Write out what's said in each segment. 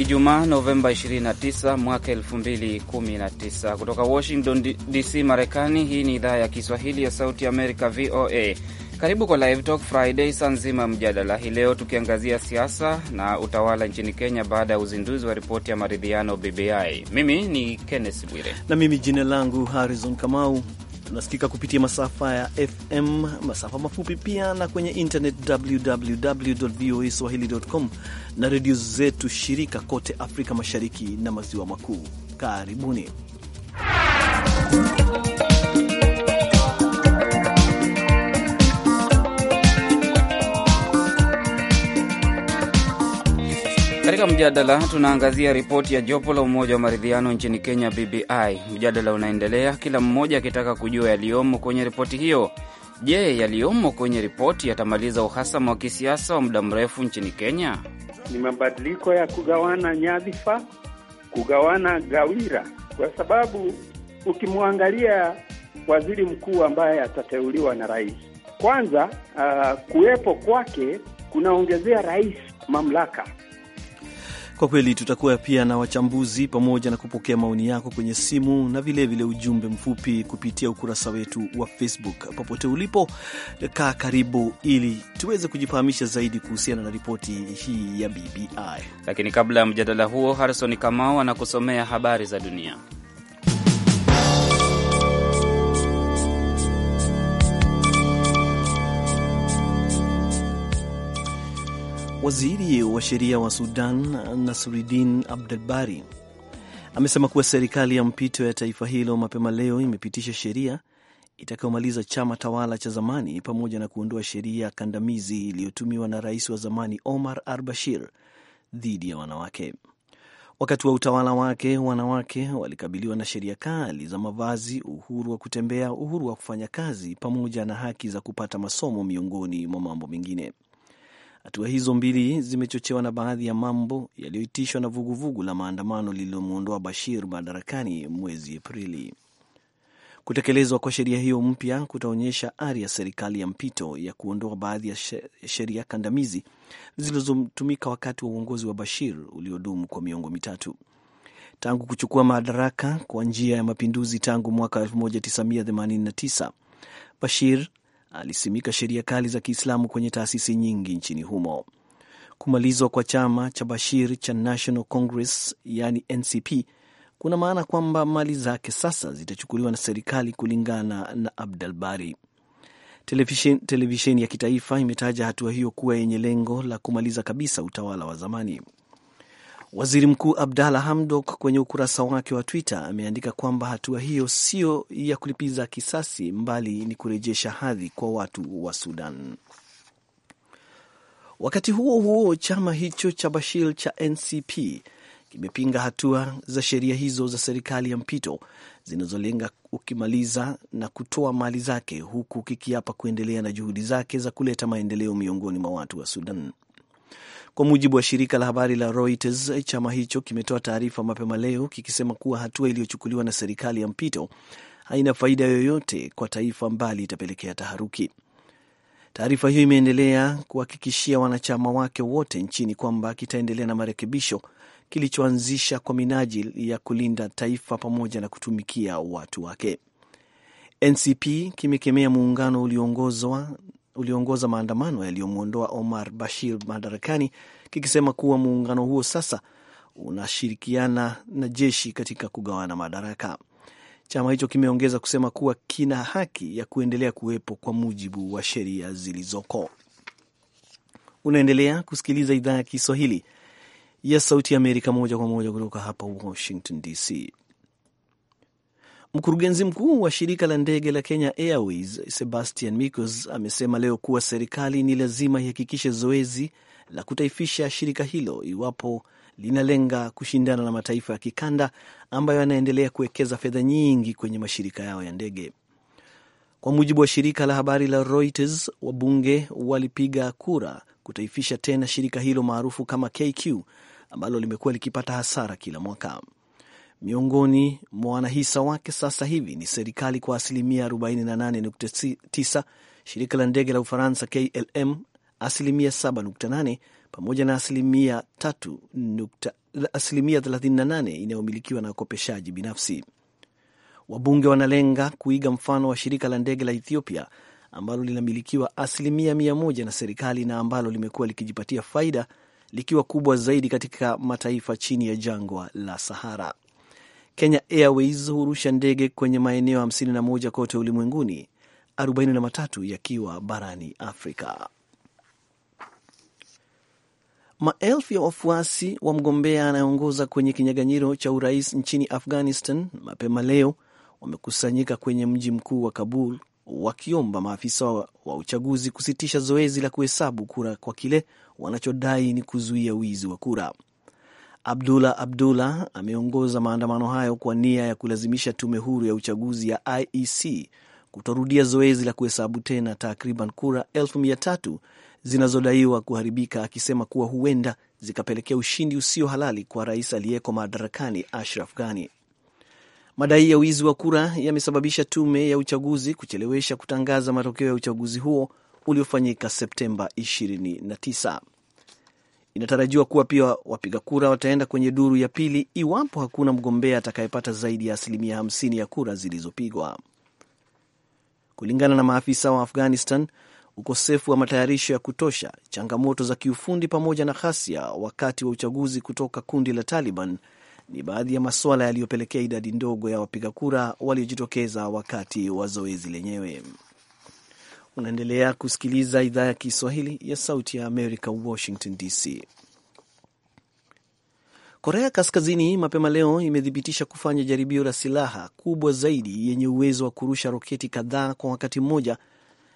Ijumaa Novemba 29 mwaka 2019, kutoka Washington DC, Marekani. Hii ni idhaa ya Kiswahili ya Sauti Amerika, VOA. Karibu kwa Live Talk Friday, saa nzima mjadala hii leo, tukiangazia siasa na utawala nchini Kenya baada ya uzinduzi wa ripoti ya maridhiano BBI. Mimi ni Kenneth Bwire na mimi jina langu Harrison Kamau, tunasikika kupitia masafa ya FM, masafa mafupi pia na kwenye internet www voa swahili.com na redio zetu shirika kote Afrika Mashariki na Maziwa Makuu. Karibuni Katika mjadala tunaangazia ripoti ya jopo la umoja wa maridhiano nchini Kenya, BBI. Mjadala unaendelea, kila mmoja akitaka kujua yaliyomo kwenye ripoti hiyo. Je, yaliyomo kwenye ripoti yatamaliza uhasama wa kisiasa wa muda mrefu nchini Kenya? Ni mabadiliko ya kugawana nyadhifa, kugawana gawira, kwa sababu ukimwangalia waziri mkuu ambaye atateuliwa na rais, kwanza uh, kuwepo kwake kunaongezea rais mamlaka kwa kweli tutakuwa pia na wachambuzi pamoja na kupokea maoni yako kwenye simu na vilevile vile ujumbe mfupi kupitia ukurasa wetu wa Facebook. Popote ulipo, kaa karibu ili tuweze kujifahamisha zaidi kuhusiana na ripoti hii ya BBI. Lakini kabla ya mjadala huo, Harrison Kamau anakusomea habari za dunia. Waziri wa sheria wa Sudan Nasruddin abdulbari amesema kuwa serikali ya mpito ya taifa hilo mapema leo imepitisha sheria itakayomaliza chama tawala cha zamani pamoja na kuondoa sheria kandamizi iliyotumiwa na rais wa zamani Omar al-Bashir dhidi ya wanawake. Wakati wa utawala wake, wanawake walikabiliwa na sheria kali za mavazi, uhuru wa kutembea, uhuru wa kufanya kazi, pamoja na haki za kupata masomo, miongoni mwa mambo mengine. Hatua hizo mbili zimechochewa na baadhi ya mambo yaliyoitishwa na vuguvugu la maandamano lililomwondoa Bashir madarakani mwezi Aprili. Kutekelezwa kwa sheria hiyo mpya kutaonyesha ari ya serikali ya mpito ya kuondoa baadhi ya sheria kandamizi zilizotumika wakati wa uongozi wa Bashir uliodumu kwa miongo mitatu. Tangu kuchukua madaraka kwa njia ya mapinduzi tangu mwaka 1989, Bashir alisimika sheria kali za Kiislamu kwenye taasisi nyingi nchini humo. Kumalizwa kwa chama cha Bashir cha National Congress yani NCP kuna maana kwamba mali zake sasa zitachukuliwa na serikali, kulingana na Abdul Bari. Televisheni televishen ya kitaifa imetaja hatua hiyo kuwa yenye lengo la kumaliza kabisa utawala wa zamani. Waziri Mkuu Abdalla Hamdok kwenye ukurasa wake wa Twitter ameandika kwamba hatua hiyo sio ya kulipiza kisasi, mbali ni kurejesha hadhi kwa watu wa Sudan. Wakati huo huo, chama hicho cha Bashir cha NCP kimepinga hatua za sheria hizo za serikali ya mpito zinazolenga ukimaliza na kutoa mali zake, huku kikiapa kuendelea na juhudi zake za kuleta maendeleo miongoni mwa watu wa Sudan. Kwa mujibu wa shirika la habari la Reuters, chama hicho kimetoa taarifa mapema leo kikisema kuwa hatua iliyochukuliwa na serikali ya mpito haina faida yoyote kwa taifa, mbali itapelekea taharuki. Taarifa hiyo imeendelea kuhakikishia wanachama wake wote nchini kwamba kitaendelea na marekebisho kilichoanzisha kwa minajili ya kulinda taifa pamoja na kutumikia watu wake. NCP kimekemea muungano ulioongozwa ulioongoza maandamano yaliyomwondoa Omar Bashir madarakani, kikisema kuwa muungano huo sasa unashirikiana na jeshi katika kugawana madaraka. Chama hicho kimeongeza kusema kuwa kina haki ya kuendelea kuwepo kwa mujibu wa sheria zilizoko. Unaendelea kusikiliza idhaa ya Kiswahili ya Sauti ya Amerika moja kwa moja kutoka hapa Washington DC. Mkurugenzi mkuu wa shirika la ndege la Kenya Airways Sebastian Micos amesema leo kuwa serikali ni lazima ihakikishe zoezi la kutaifisha shirika hilo iwapo linalenga kushindana na mataifa ya kikanda ambayo yanaendelea kuwekeza fedha nyingi kwenye mashirika yao ya ndege. Kwa mujibu wa shirika la habari la Reuters, wabunge walipiga kura kutaifisha tena shirika hilo maarufu kama KQ ambalo limekuwa likipata hasara kila mwaka. Miongoni mwa wanahisa wake sasa hivi ni serikali kwa asilimia 48.9, shirika la ndege la Ufaransa KLM asilimia 7.8, pamoja na asilimia 38 inayomilikiwa na wakopeshaji binafsi. Wabunge wanalenga kuiga mfano wa shirika la ndege la Ethiopia ambalo linamilikiwa asilimia mia moja na serikali na ambalo limekuwa likijipatia faida likiwa kubwa zaidi katika mataifa chini ya jangwa la Sahara. Kenya Airways hurusha ndege kwenye maeneo 51 kote ulimwenguni, 43 yakiwa barani Afrika. Maelfu ya wafuasi wa mgombea anayeongoza kwenye kinyaganyiro cha urais nchini Afghanistan mapema leo wamekusanyika kwenye mji mkuu wa Kabul wakiomba maafisa wa uchaguzi kusitisha zoezi la kuhesabu kura kwa kile wanachodai ni kuzuia wizi wa kura. Abdullah Abdullah ameongoza maandamano hayo kwa nia ya kulazimisha tume huru ya uchaguzi ya IEC kutorudia zoezi la kuhesabu tena takriban kura elfu mia tatu zinazodaiwa kuharibika, akisema kuwa huenda zikapelekea ushindi usio halali kwa rais aliyeko madarakani Ashraf Ghani. Madai ya wizi wa kura yamesababisha tume ya uchaguzi kuchelewesha kutangaza matokeo ya uchaguzi huo uliofanyika Septemba 29. Inatarajiwa kuwa pia wapiga kura wataenda kwenye duru ya pili iwapo hakuna mgombea atakayepata zaidi ya asilimia 50 ya kura zilizopigwa. Kulingana na maafisa wa Afghanistan, ukosefu wa matayarisho ya kutosha, changamoto za kiufundi pamoja na ghasia wakati wa uchaguzi kutoka kundi la Taliban ni baadhi ya masuala yaliyopelekea idadi ndogo ya wapiga kura waliojitokeza wakati wa zoezi lenyewe. Unaendelea kusikiliza idhaa ya Kiswahili ya Sauti ya Amerika, Washington DC. Korea Kaskazini mapema leo imethibitisha kufanya jaribio la silaha kubwa zaidi yenye uwezo wa kurusha roketi kadhaa kwa wakati mmoja,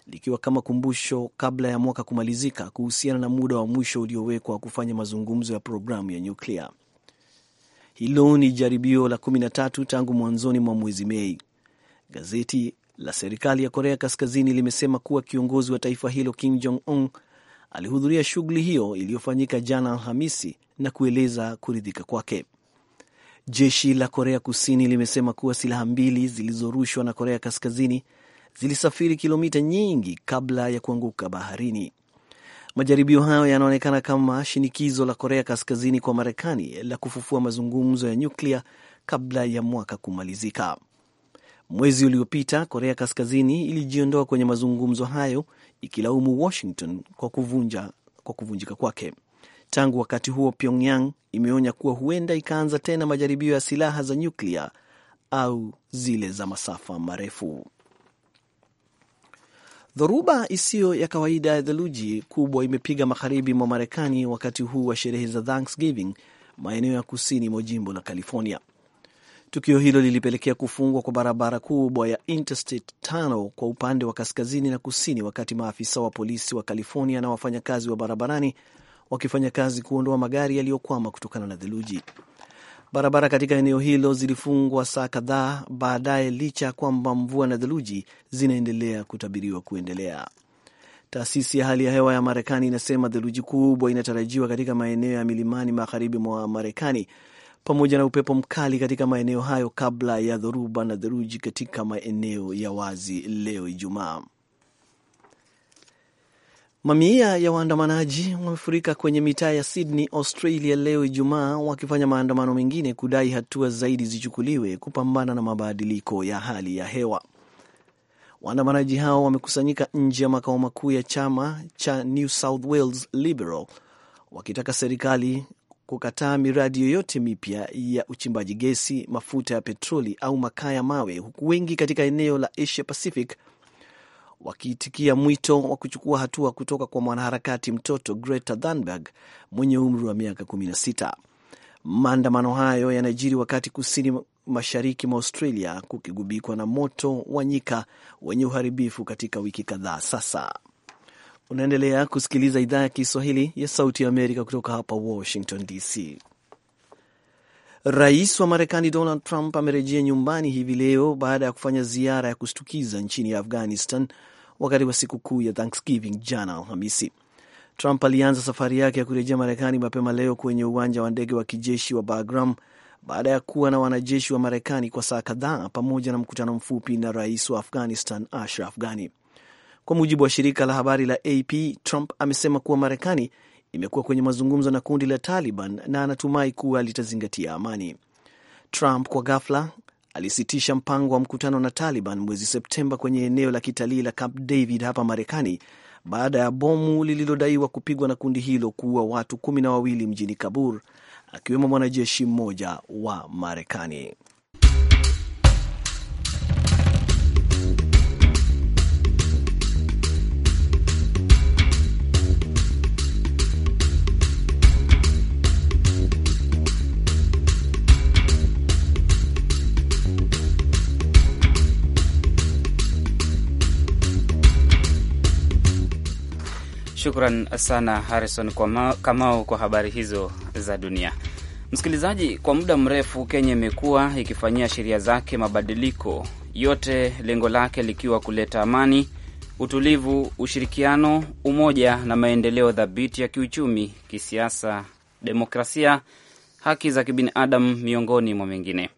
likiwa kama kumbusho kabla ya mwaka kumalizika kuhusiana na muda wa mwisho uliowekwa wa kufanya mazungumzo ya programu ya nyuklia. Hilo ni jaribio la 13 tangu mwanzoni mwa mwezi Mei. Gazeti la serikali ya Korea Kaskazini limesema kuwa kiongozi wa taifa hilo Kim Jong Un alihudhuria shughuli hiyo iliyofanyika jana Alhamisi na kueleza kuridhika kwake. Jeshi la Korea Kusini limesema kuwa silaha mbili zilizorushwa na Korea Kaskazini zilisafiri kilomita nyingi kabla ya kuanguka baharini. Majaribio hayo yanaonekana kama shinikizo la Korea Kaskazini kwa Marekani la kufufua mazungumzo ya nyuklia kabla ya mwaka kumalizika. Mwezi uliopita Korea Kaskazini ilijiondoa kwenye mazungumzo hayo ikilaumu Washington kwa kuvunja kwa kuvunjika kwake. Tangu wakati huo, Pyongyang imeonya kuwa huenda ikaanza tena majaribio ya silaha za nyuklia au zile za masafa marefu. Dhoruba isiyo ya kawaida ya theluji kubwa imepiga magharibi mwa Marekani wakati huu wa sherehe za Thanksgiving, maeneo ya kusini mwa jimbo la California. Tukio hilo lilipelekea kufungwa kwa barabara kubwa ya Interstate tano kwa upande wa kaskazini na kusini, wakati maafisa wa polisi wa California na wafanyakazi wa barabarani wakifanya kazi kuondoa magari yaliyokwama kutokana na theluji. Barabara katika eneo hilo zilifungwa saa kadhaa baadaye, licha ya kwamba mvua na theluji zinaendelea kutabiriwa kuendelea. Taasisi ya hali ya hewa ya Marekani inasema theluji kubwa inatarajiwa katika maeneo ya milimani magharibi mwa Marekani pamoja na upepo mkali katika maeneo hayo kabla ya dhoruba na theluji katika maeneo ya wazi leo Ijumaa. Mamia ya waandamanaji wamefurika kwenye mitaa ya Sydney, Australia leo Ijumaa, wakifanya maandamano mengine kudai hatua zaidi zichukuliwe kupambana na mabadiliko ya hali ya hewa. Waandamanaji hao wamekusanyika nje ya makao makuu ya chama cha New South Wales Liberal wakitaka serikali kukataa miradi yoyote mipya ya uchimbaji gesi, mafuta ya petroli au makaa ya mawe, huku wengi katika eneo la Asia Pacific wakiitikia mwito wa kuchukua hatua kutoka kwa mwanaharakati mtoto Greta Thunberg mwenye umri wa miaka 16. Maandamano hayo yanajiri wakati kusini mashariki mwa Australia kukigubikwa na moto wa nyika wenye uharibifu katika wiki kadhaa sasa. Unaendelea kusikiliza idhaa ya Kiswahili ya Sauti ya Amerika kutoka hapa Washington DC. Rais wa Marekani Donald Trump amerejea nyumbani hivi leo baada ya kufanya ziara ya kushtukiza nchini Afghanistan wakati wa sikukuu ya Thanksgiving jana Alhamisi. Trump alianza safari yake ya kurejea Marekani mapema leo kwenye uwanja wa ndege wa kijeshi wa Bagram baada ya kuwa na wanajeshi wa Marekani kwa saa kadhaa pamoja na mkutano mfupi na rais wa Afghanistan Ashraf Ghani. Kwa mujibu wa shirika la habari la AP, Trump amesema kuwa Marekani imekuwa kwenye mazungumzo na kundi la Taliban na anatumai kuwa litazingatia amani. Trump kwa ghafla alisitisha mpango wa mkutano na Taliban mwezi Septemba kwenye eneo la kitalii la Camp David hapa Marekani baada ya bomu lililodaiwa kupigwa na kundi hilo kuua watu kumi na wawili mjini Kabul, akiwemo mwanajeshi mmoja wa Marekani. Shukran sana Harrison Kamau kwa habari hizo za dunia. Msikilizaji, kwa muda mrefu Kenya imekuwa ikifanyia sheria zake mabadiliko, yote lengo lake likiwa kuleta amani, utulivu, ushirikiano, umoja na maendeleo thabiti ya kiuchumi, kisiasa, demokrasia, haki za kibinadamu, miongoni mwa mengine.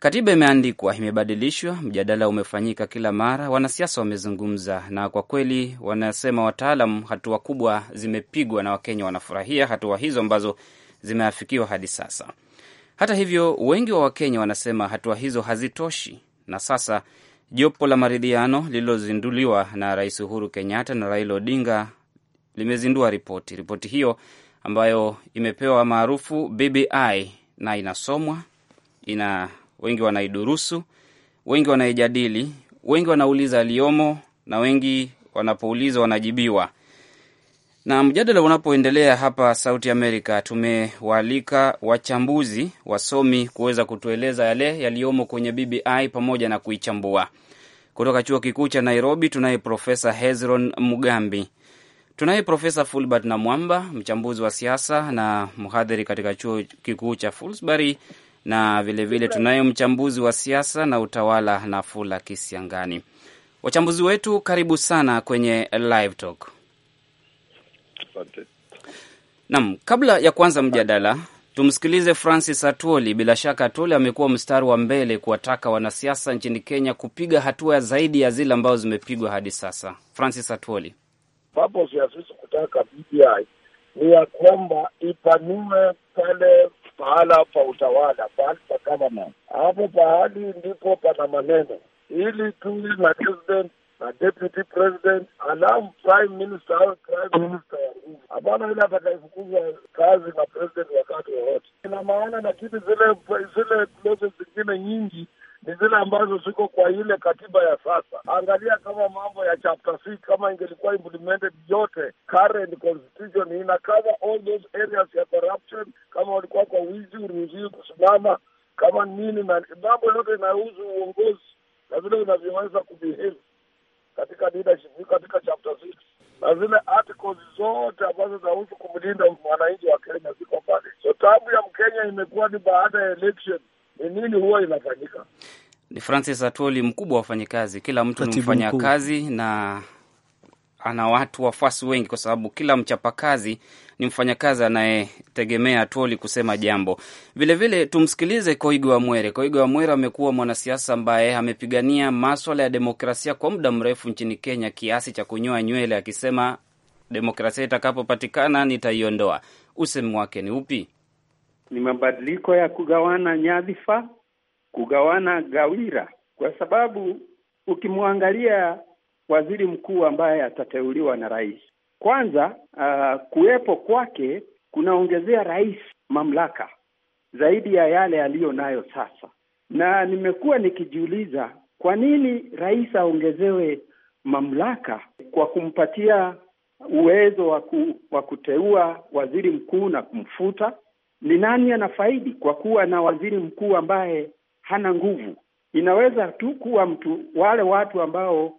Katiba imeandikwa, imebadilishwa, mjadala umefanyika kila mara, wanasiasa wamezungumza, na kwa kweli wanasema wataalam, hatua kubwa zimepigwa na Wakenya wanafurahia hatua hizo ambazo zimeafikiwa hadi sasa. Hata hivyo, wengi wa Wakenya wanasema hatua hizo hazitoshi, na sasa jopo la maridhiano lililozinduliwa na Rais Uhuru Kenyatta na Raila Odinga limezindua ripoti. Ripoti hiyo ambayo imepewa maarufu BBI na inasomwa ina wengi wanaidurusu, wengi wanaijadili, wengi wanauliza aliyomo, na wengi wanapouliza wanajibiwa. Na mjadala unapoendelea hapa Sauti Amerika, tumewaalika wachambuzi, wasomi kuweza kutueleza yale yaliyomo kwenye BBI pamoja na kuichambua. Kutoka chuo kikuu cha Nairobi tunaye Profesa Hezron Mugambi, tunaye Profesa Fulbert Namwamba, mchambuzi wa siasa na mhadhiri katika chuo kikuu cha Fulsbury na vilevile tunaye mchambuzi wa siasa na utawala Nafula Kisiangani. Wachambuzi wetu, karibu sana kwenye Live Talk. Naam, kabla ya kuanza mjadala tumsikilize Francis atuoli Bila shaka atuoli amekuwa mstari wa mbele kuwataka wanasiasa nchini Kenya kupiga hatua zaidi ya zile ambazo zimepigwa hadi sasa. Francis Atwoli: mambo ya sisi kutaka BBI ni ya kwamba ipanue pale pahala pa utawala, pahali pa government. Hapo pahali ndipo pana maneno, ili tuwe na president na deputy president, alafu prime minister au prime minister ya nguvu. Hapana ile atakayefukuzwa kazi na president wakati wowote, ina maana na kitu zile zile zingine nyingi ni zile ambazo ziko kwa ile katiba ya sasa. Angalia kama mambo ya chapter six kama ingelikuwa implemented yote, current constitution ina cover all those areas ya corruption, kama walikuwa kwa wizi, uruhusiwi kusimama kama nini, na mambo yote inahusu uongozi na vile unavyoweza kubehave katika leadership, katika chapter six na zile articles zote ambazo zinahusu kumlinda mwananchi wa Kenya ziko pale. So tabu ya Mkenya imekuwa ni baada ya election ni nini huwa inafanyika? Ni Francis Atoli, mkubwa wa wafanyakazi. Kila mtu ni mfanyakazi na ana watu wafuasi wengi, kwa sababu kila mchapakazi ni mfanyakazi anayetegemea Atoli kusema jambo. Vilevile tumsikilize Koigo Wamwere. Koigo Mwere amekuwa mwanasiasa ambaye amepigania maswala ya demokrasia kwa muda mrefu nchini Kenya, kiasi cha kunyoa nywele, akisema demokrasia itakapopatikana nitaiondoa. Usemi wake ni upi? ni mabadiliko ya kugawana nyadhifa, kugawana gawira, kwa sababu ukimwangalia waziri mkuu ambaye atateuliwa na rais kwanza, uh, kuwepo kwake kunaongezea rais mamlaka zaidi ya yale aliyo nayo sasa, na nimekuwa nikijiuliza kwa nini rais aongezewe mamlaka kwa kumpatia uwezo wa waku, kuteua waziri mkuu na kumfuta ni nani anafaidi kwa kuwa na waziri mkuu ambaye hana nguvu? Inaweza tu kuwa mtu wale watu ambao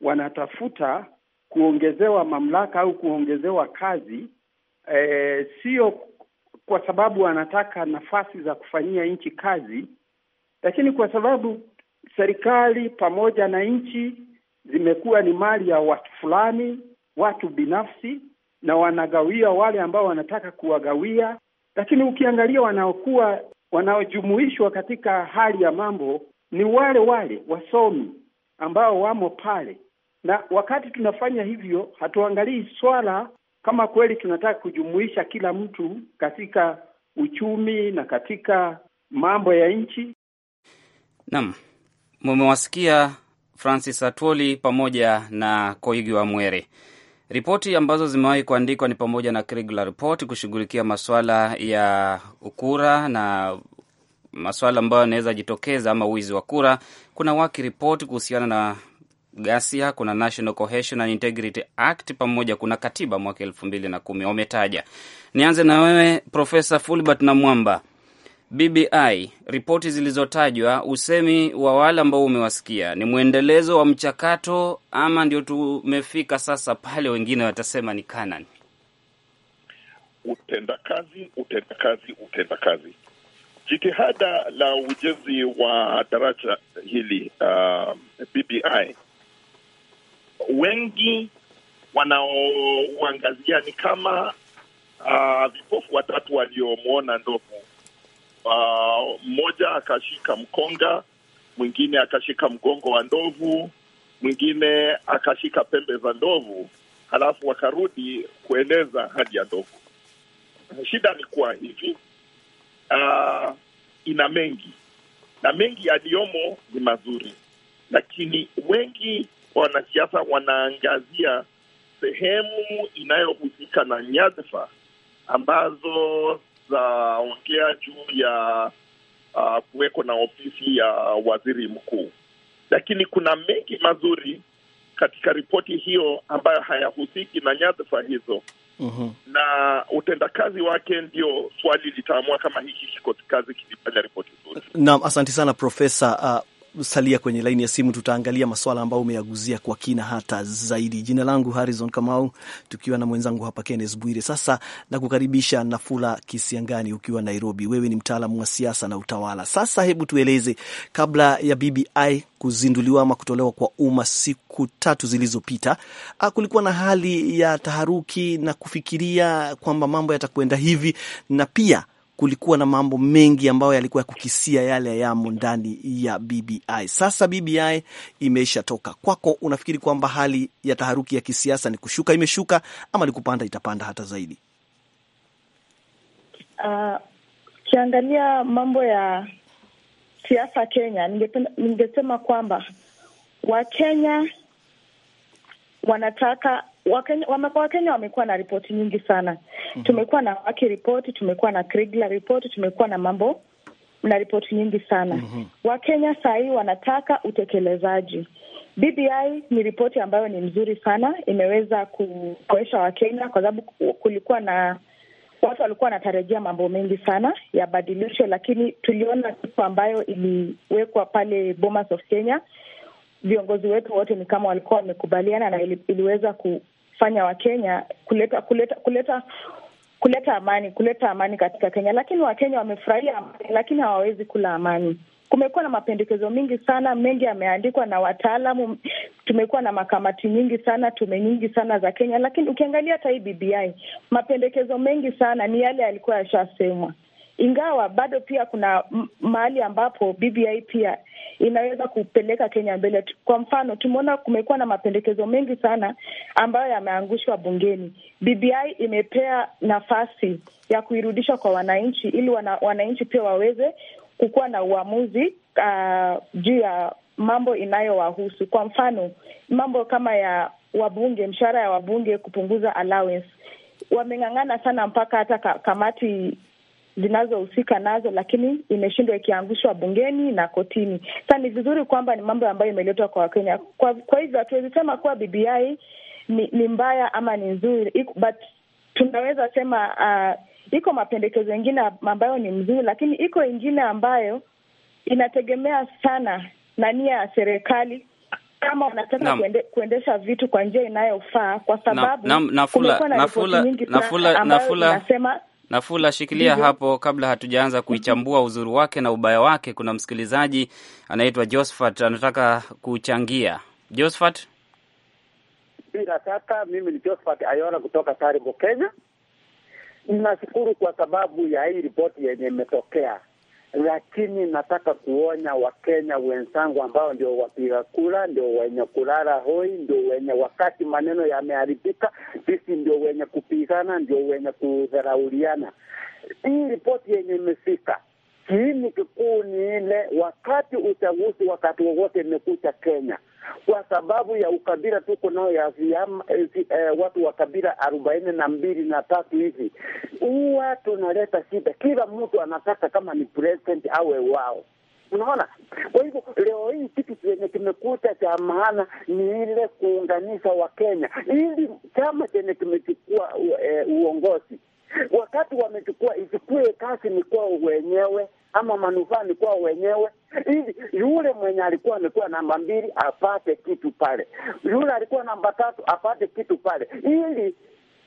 wanatafuta kuongezewa mamlaka au kuongezewa kazi e, sio kwa sababu wanataka nafasi za kufanyia nchi kazi, lakini kwa sababu serikali pamoja na nchi zimekuwa ni mali ya watu fulani, watu binafsi, na wanagawia wale ambao wanataka kuwagawia lakini ukiangalia wanaokuwa wanaojumuishwa katika hali ya mambo ni wale wale wasomi ambao wamo pale, na wakati tunafanya hivyo hatuangalii swala kama kweli tunataka kujumuisha kila mtu katika uchumi na katika mambo ya nchi. Naam, mumewasikia Francis Atwoli pamoja na Koigi wa Mwere. Ripoti ambazo zimewahi kuandikwa ni pamoja na Kriegler report kushughulikia maswala ya ukura na maswala ambayo yanaweza jitokeza ama wizi wa kura. Kuna waki report kuhusiana na ghasia, kuna National Cohesion and Integrity Act pamoja, kuna katiba mwaka elfu mbili na kumi wametaja. Nianze na wewe Profesa Fulbert na Mwamba. BBI, ripoti zilizotajwa, usemi wa wale ambao umewasikia ni mwendelezo wa mchakato ama ndio tumefika sasa pale wengine watasema ni Kanani? Utendakazi, utendakazi, utendakazi. Jitihada la ujenzi wa daraja hili uh, BBI wengi wanaoangazia ni kama uh, vipofu watatu waliomwona ndovu mmoja ah, uh, akashika mkonga, mwingine akashika mgongo wa ndovu, mwingine akashika pembe za ndovu, halafu wakarudi kueleza hadi ya ndovu. Shida ni kuwa hivi uh, ina mengi na mengi yaliyomo ni mazuri, lakini wengi wa wanasiasa wanaangazia sehemu inayohusika na nyadhifa ambazo zaongea juu ya uh, kuweko na ofisi ya waziri mkuu, lakini kuna mengi mazuri katika ripoti hiyo ambayo hayahusiki na nyadhifa hizo. Uhum. Na utendakazi wake ndio swali litaamua kama hiki kikosi kazi kilifanya ripoti nzuri. Naam, asante sana Profesa. Uh, salia kwenye laini ya simu, tutaangalia maswala ambayo umeyaguzia kwa kina hata zaidi. Jina langu Harrison Kamau, tukiwa na mwenzangu hapa Kenneth Bwire. Sasa nakukaribisha Nafula Kisiangani ukiwa Nairobi. Wewe ni mtaalamu wa siasa na utawala. Sasa hebu tueleze, kabla ya BBI kuzinduliwa ama kutolewa kwa umma siku tatu zilizopita, kulikuwa na hali ya taharuki na kufikiria kwamba mambo yatakwenda hivi na pia kulikuwa na mambo mengi ambayo yalikuwa ya kukisia yale yamo ndani ya BBI. Sasa BBI imeshatoka kwako, unafikiri kwamba hali ya taharuki ya kisiasa ni kushuka, imeshuka ama ni kupanda, itapanda hata zaidi? Uh, ukiangalia uh, mambo ya siasa Kenya, ningesema kwamba Wakenya wanataka Wakenya wamekuwa na ripoti nyingi sana mm -hmm. Tumekuwa na waki ripoti, tumekuwa na krigla ripoti, tumekuwa na mambo na ripoti nyingi sana mm -hmm. Wakenya saa hii wanataka utekelezaji. BBI ni ripoti ambayo ni mzuri sana, imeweza kukoesha Wakenya kwa sababu kulikuwa na watu walikuwa wanatarajia mambo mengi sana ya badilisho, lakini tuliona siku ambayo iliwekwa pale Bomas of Kenya, viongozi wetu wote ni kama walikuwa wamekubaliana na ili, iliweza ku, fanya Wakenya kuleta kuleta kuleta kuleta amani kuleta amani katika Kenya, lakini Wakenya wamefurahia amani, lakini hawawezi kula amani. Kumekuwa na mapendekezo mingi sana, mengi yameandikwa na wataalamu. Tumekuwa na makamati nyingi sana, tume nyingi sana za Kenya, lakini ukiangalia hata hii BBI mapendekezo mengi sana ni yale yalikuwa yashasemwa, ingawa bado pia kuna mahali ambapo BBI pia inaweza kupeleka Kenya mbele. Kwa mfano, tumeona kumekuwa na mapendekezo mengi sana ambayo yameangushwa bungeni. BBI imepea nafasi ya kuirudisha kwa wananchi ili wana, wananchi pia waweze kukuwa na uamuzi uh, juu ya mambo inayowahusu. Kwa mfano, mambo kama ya wabunge, mshahara ya wabunge, kupunguza allowance wameng'ang'ana sana mpaka hata kamati zinazohusika nazo, lakini imeshindwa ikiangushwa bungeni na kotini. Sa ni vizuri kwamba ni mambo ambayo imeletwa kwa Wakenya. Kwa, kwa hivyo hatuwezi sema kuwa BBI ni, ni mbaya ama ni nzuri, but tunaweza sema uh, iko mapendekezo ingine ambayo ni mzuri, lakini iko ingine ambayo inategemea sana na nia ya serikali kama wanataka kuende, kuendesha vitu kwa njia inayofaa, kwa sababu kumekuwa na na, nyingi sana ambayo inasema Nafula, shikilia Ndiyo. hapo kabla hatujaanza kuichambua uzuri wake na ubaya wake. Kuna msikilizaji anaitwa Josphat anataka kuchangia. Josphat, bila shaka mimi ni Josphat Ayora kutoka Taribo, Kenya. Nashukuru kwa sababu ya hii ripoti yenye imetokea lakini nataka kuonya Wakenya wenzangu ambao ndio wapiga kura, ndio wenye kulala hoi, ndio wenye wakati maneno yameharibika, sisi ndio wenye kupigana, ndio wenye kudharauliana. Hii ripoti yenye imefika Kiini kikuu ni ile, wakati uchaguzi wakati wowote imekucha Kenya kwa sababu ya ukabila tuko nao ya vyama eh, eh, watu wa kabila arobaini na mbili na tatu hivi, huwa tunaleta shida. Kila mtu anataka kama ni president awe wao, unaona. Kwa hivyo leo hii kitu chenye kimekuta cha maana ni ile kuunganisha Wakenya ili chama chenye kimechukua eh, uongozi wakati wamechukua, ichukue kazi ni kwao wenyewe ama manufaa ni kwao wenyewe, ili yule mwenye alikuwa amekuwa namba mbili apate kitu pale, yule alikuwa namba tatu apate kitu pale, ili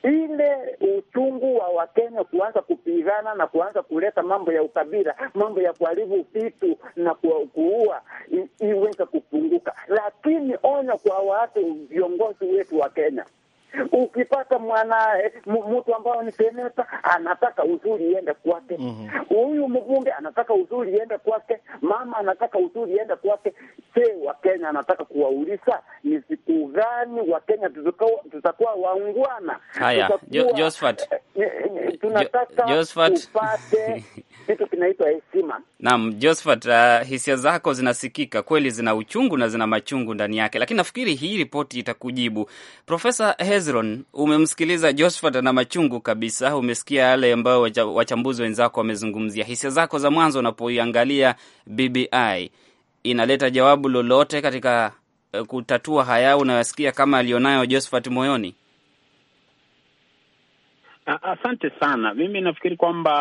ile uchungu wa Wakenya kuanza kupigana na kuanza kuleta mambo ya ukabila, mambo ya kuharibu vitu na kuua iweze kupunguka. Lakini onyo kwa watu, viongozi wetu wa Kenya Ukipata mwana eh, mtu ambayo ni seneta anataka uzuri iende kwake, mhm. huyu mm -hmm. mbunge anataka uzuri iende kwake, mama anataka uzuri iende kwake. Se wa kenya anataka kuwauliza ni siku gani kenya tutakuwa waungwana? Haya, Josephat, eh, eh, tunataka tupate kitu kinaitwa heshima. Naam, Josephat, uh, hisia zako zinasikika kweli, zina uchungu na zina machungu ndani yake, lakini nafikiri hii ripoti itakujibu. Profesa Hezron, umemsikiliza Josephat na machungu kabisa, umesikia yale ambayo wachambuzi wenzako wamezungumzia. Hisia zako za mwanzo unapoiangalia BBI inaleta jawabu lolote katika eh, kutatua haya unayosikia kama alionayo Josephat moyoni? Asante sana. Mimi nafikiri kwamba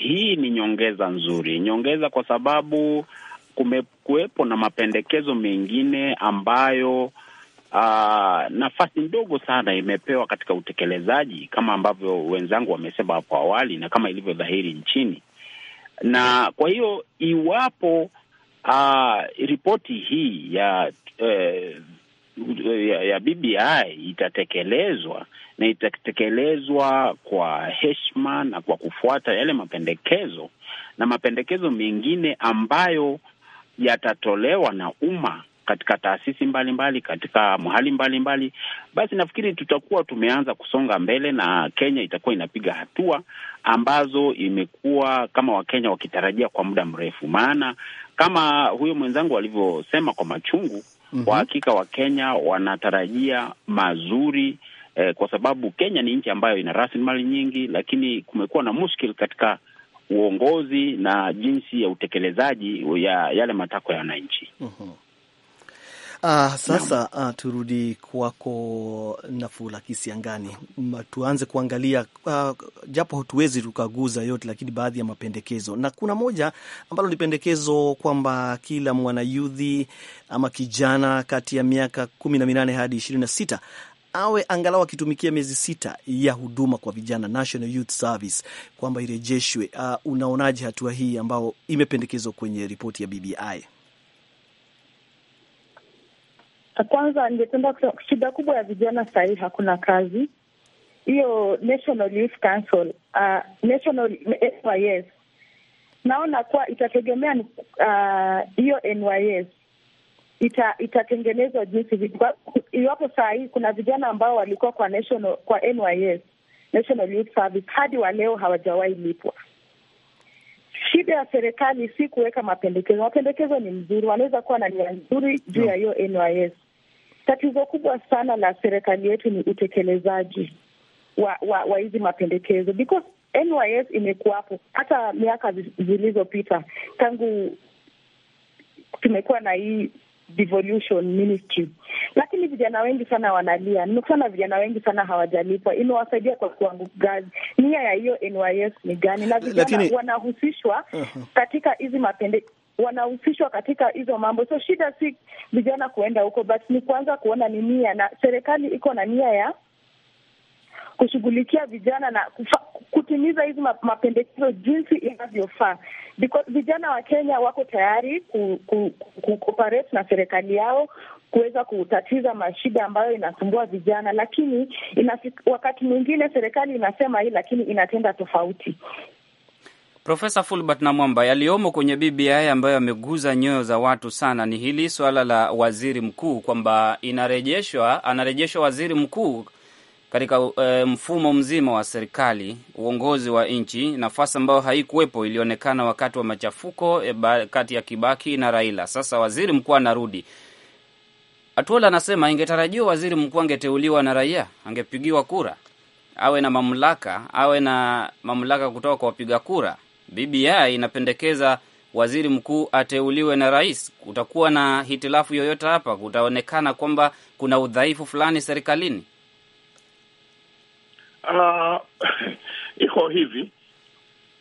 hii ni nyongeza nzuri, nyongeza kwa sababu kumekuwepo na mapendekezo mengine ambayo Uh, nafasi ndogo sana imepewa katika utekelezaji kama ambavyo wenzangu wamesema hapo awali na kama ilivyo dhahiri nchini. Na kwa hiyo iwapo uh, ripoti hii ya uh, ya, ya BBI itatekelezwa na itatekelezwa kwa heshima na kwa kufuata yale mapendekezo na mapendekezo mengine ambayo yatatolewa na umma katika taasisi mbalimbali mbali, katika mahali mbalimbali, basi nafikiri tutakuwa tumeanza kusonga mbele na Kenya itakuwa inapiga hatua ambazo imekuwa kama Wakenya wakitarajia kwa muda mrefu. Maana kama huyo mwenzangu alivyosema kwa machungu mm -hmm. Kwa hakika Wakenya wanatarajia mazuri eh, kwa sababu Kenya ni nchi ambayo ina rasilimali nyingi, lakini kumekuwa na mushkil katika uongozi na jinsi ya utekelezaji ya yale matakwa ya wananchi. mm -hmm. Ah, sasa ah, turudi kwako Nafula Kisiangani, tuanze kuangalia ah, japo hatuwezi tukaguza yote, lakini baadhi ya mapendekezo, na kuna moja ambalo ni pendekezo kwamba kila mwanayudhi ama kijana kati ya miaka kumi na minane hadi ishirini na sita awe angalau akitumikia miezi sita ya huduma kwa vijana, National Youth Service, kwamba irejeshwe. Uh, unaonaje hatua hii ambayo imependekezwa kwenye ripoti ya BBI? Kwanza ningependa shida kubwa ya vijana hii hakuna kazi. Hiyo National Youth Council, uh, National NYS naona kuwa itategemea uh, hiyo uh, NYS ita- itatengenezwa jinsi vipi, iwapo saa hii kuna vijana ambao walikuwa kwa national, kwa NYS National Youth Service hadi wa leo hawajawahi lipwa. Shida ya serikali si kuweka mapendekezo. Mapendekezo ni mzuri, wanaweza kuwa na nia nzuri juu ya hiyo NYS. Tatizo kubwa sana la serikali yetu ni utekelezaji wa wa, wa hizi mapendekezo because NYS imekuwapo hata miaka zilizopita tangu tumekuwa na hii devolution ministry, lakini vijana wengi sana wanalia. nikusana vijana wengi sana hawajalipwa. Imewasaidia kwa kiwango gani? Nia ya hiyo NYS ni gani? na vijana lakini... wanahusishwa uh -huh. katika hizi mapende wanahusishwa katika hizo mambo. So shida si vijana kuenda huko, but ni kuanza kuona ni nia, na serikali iko na nia ya kushughulikia vijana na kufa, kutimiza hizi mapendekezo jinsi inavyofaa, because vijana wa Kenya wako tayari ku, ku, ku, na serikali yao kuweza kutatiza mashida ambayo inasumbua vijana, lakini inafik, wakati mwingine serikali inasema hii lakini inatenda tofauti. Profesa Fulbert Namwamba, yaliyomo kwenye BBI ambayo yameguza nyoyo za watu sana ni hili swala la waziri mkuu, kwamba inarejeshwa, anarejeshwa waziri mkuu katika e, mfumo mzima wa serikali, uongozi wa nchi, nafasi ambayo haikuwepo ilionekana wakati wa machafuko e, ba, kati ya Kibaki na Raila. Sasa waziri mkuu anarudi. Atuola anasema ingetarajiwa waziri mkuu angeteuliwa na raia, angepigiwa kura, awe na mamlaka, awe na mamlaka kutoka kwa wapiga kura. BBI inapendekeza waziri mkuu ateuliwe na rais. Kutakuwa na hitilafu yoyote hapa? Kutaonekana kwamba kuna udhaifu fulani serikalini? Uh, iko hivi,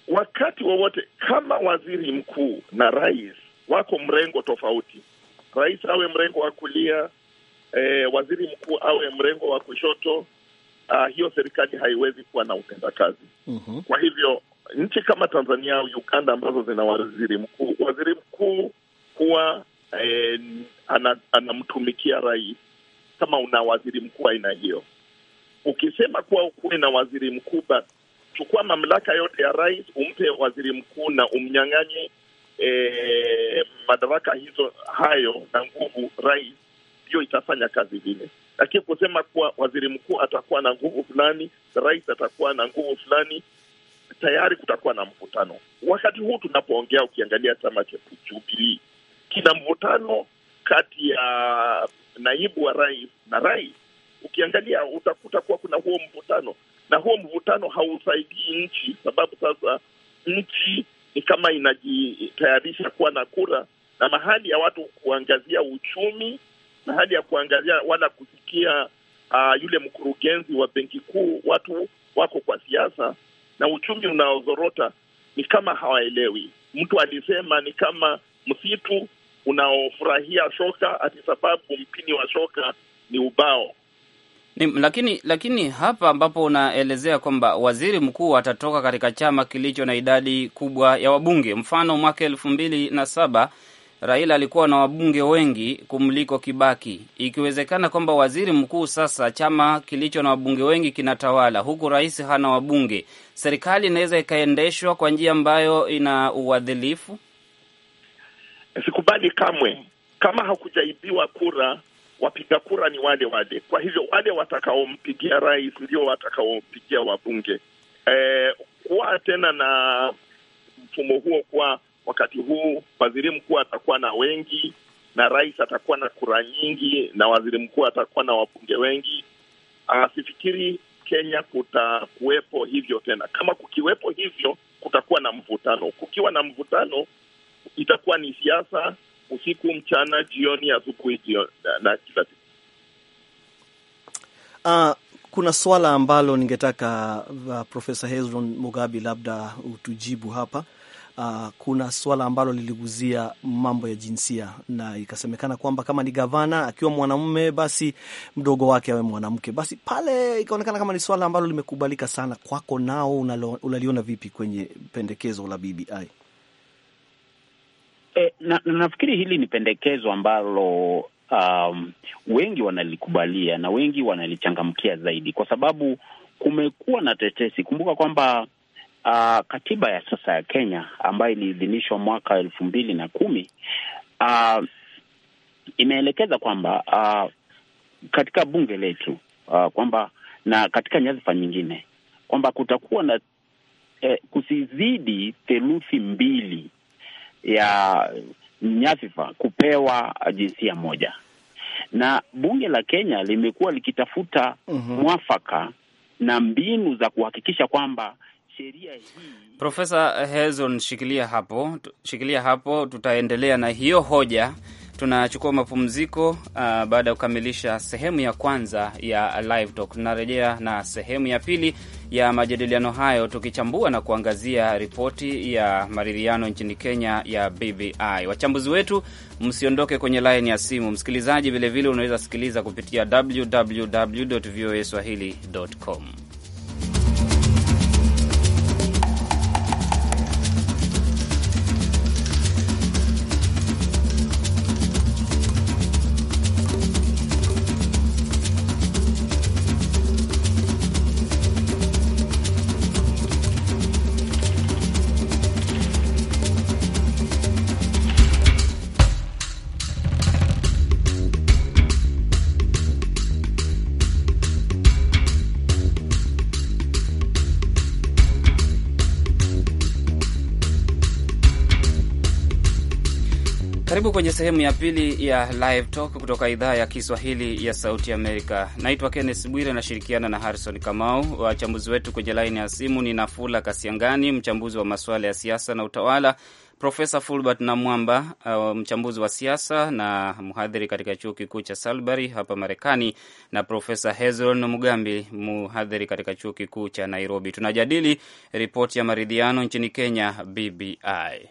wakati wowote kama waziri mkuu na rais wako mrengo tofauti, rais awe mrengo wa kulia, eh, waziri mkuu awe mrengo wa kushoto, uh, hiyo serikali haiwezi kuwa na utendakazi. mm -hmm. Kwa hivyo nchi kama Tanzania au Uganda ambazo zina waziri mkuu, waziri mkuu huwa eh, anamtumikia ana rais. Kama una waziri mkuu aina hiyo ukisema kuwa ukuwe na waziri mkuu, basi chukua mamlaka yote ya rais, umpe waziri mkuu na umnyang'anye e, madaraka hizo hayo na nguvu rais, ndiyo itafanya kazi vile. Lakini kusema kuwa waziri mkuu atakuwa na nguvu fulani, rais atakuwa na nguvu fulani, tayari kutakuwa na mvutano. Wakati huu tunapoongea, ukiangalia chama cha Jubilii kina mvutano kati ya naibu wa rais na rais ukiangalia utakuta kuwa kuna huo mvutano, na huo mvutano hausaidii nchi, sababu sasa nchi ni kama inajitayarisha kuwa na kura, na mahali ya watu kuangazia uchumi, mahali ya kuangazia wala kusikia uh, yule mkurugenzi wa benki kuu, watu wako kwa siasa na uchumi unaozorota ni kama hawaelewi. Mtu alisema ni kama msitu unaofurahia shoka, ati sababu mpini wa shoka ni ubao. Ni, lakini lakini hapa ambapo unaelezea kwamba waziri mkuu atatoka katika chama kilicho na idadi kubwa ya wabunge. Mfano, mwaka elfu mbili na saba Raila alikuwa na wabunge wengi kumliko Kibaki. Ikiwezekana kwamba waziri mkuu sasa, chama kilicho na wabunge wengi kinatawala, huku rais hana wabunge, serikali inaweza ikaendeshwa kwa njia ambayo ina uadhilifu. Sikubali kamwe, kama hakujaibiwa kura wapiga kura ni wale wale. Kwa hivyo wale watakaompigia rais ndio watakaompigia wabunge. E, kuwa tena na mfumo huo kwa wakati huu waziri mkuu atakuwa na wengi na rais atakuwa na kura nyingi na waziri mkuu atakuwa na wabunge wengi. asifikiri sifikiri Kenya kutakuwepo hivyo tena. Kama kukiwepo hivyo, kutakuwa na mvutano. Kukiwa na mvutano, itakuwa ni siasa usiku, mchana, jioni, asubuhi, jioni na kila siku. Uh, kuna swala ambalo ningetaka uh, ah, Profesa Hezron Mugabi labda utujibu hapa. Uh, kuna swala ambalo liliguzia mambo ya jinsia na ikasemekana kwamba kama ni gavana akiwa mwanamume basi mdogo wake awe mwanamke, basi pale ikaonekana kama ni swala ambalo limekubalika sana kwako, nao unaliona vipi kwenye pendekezo la BBI? E, na, na nafikiri hili ni pendekezo ambalo um, wengi wanalikubalia na wengi wanalichangamkia zaidi, kwa sababu kumekuwa na tetesi. Kumbuka kwamba uh, katiba ya sasa ya Kenya ambayo iliidhinishwa mwaka elfu mbili na kumi uh, imeelekeza kwamba uh, katika bunge letu uh, kwamba na katika nyadhifa nyingine kwamba kutakuwa na eh, kusizidi theluthi mbili ya nyadhifa kupewa jinsia moja, na bunge la Kenya limekuwa likitafuta mhm. mwafaka mm -hmm. na mbinu za kuhakikisha kwamba sheria hii. Profesa Hezon, shikilia hapo, shikilia hapo, tutaendelea na hiyo hoja tunachukua mapumziko. Uh, baada ya kukamilisha sehemu ya kwanza ya live talk, tunarejea na sehemu ya pili ya majadiliano hayo, tukichambua na kuangazia ripoti ya maridhiano nchini Kenya ya BBI. Wachambuzi wetu, msiondoke kwenye laini ya simu. Msikilizaji vilevile unaweza sikiliza kupitia www voa swahili com. Karibu kwenye sehemu ya pili ya Live Talk kutoka idhaa ya Kiswahili ya Sauti Amerika. Naitwa kennes Bwire, nashirikiana na Harrison Kamau. Wachambuzi wetu kwenye laini ya simu ni Nafula Kasiangani, mchambuzi wa masuala ya siasa na utawala, Profesa Fulbert Namwamba, uh, mchambuzi wa siasa na mhadhiri katika chuo kikuu cha salbary hapa Marekani, na Profesa Hezron Mugambi, mhadhiri katika chuo kikuu cha Nairobi. Tunajadili ripoti ya maridhiano nchini Kenya, BBI.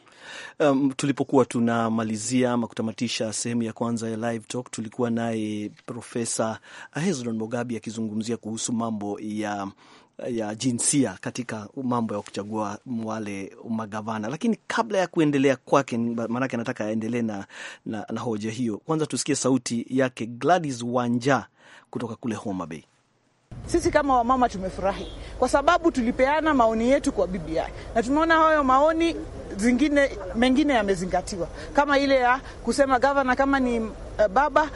Um, tulipokuwa tunamalizia ama kutamatisha sehemu ya kwanza ya Live Talk tulikuwa naye Profesa Hezron Mogabi akizungumzia kuhusu mambo ya ya jinsia katika mambo ya kuchagua wale magavana. Lakini kabla ya kuendelea kwake, maanake anataka aendelee na, na, na hoja hiyo, kwanza tusikie sauti yake Gladys Wanja kutoka kule Homa Bay. Sisi kama wamama tumefurahi kwa sababu tulipeana maoni yetu kwa BBI na tumeona hayo maoni zingine mengine yamezingatiwa, kama ile ya kusema gavana kama ni uh, baba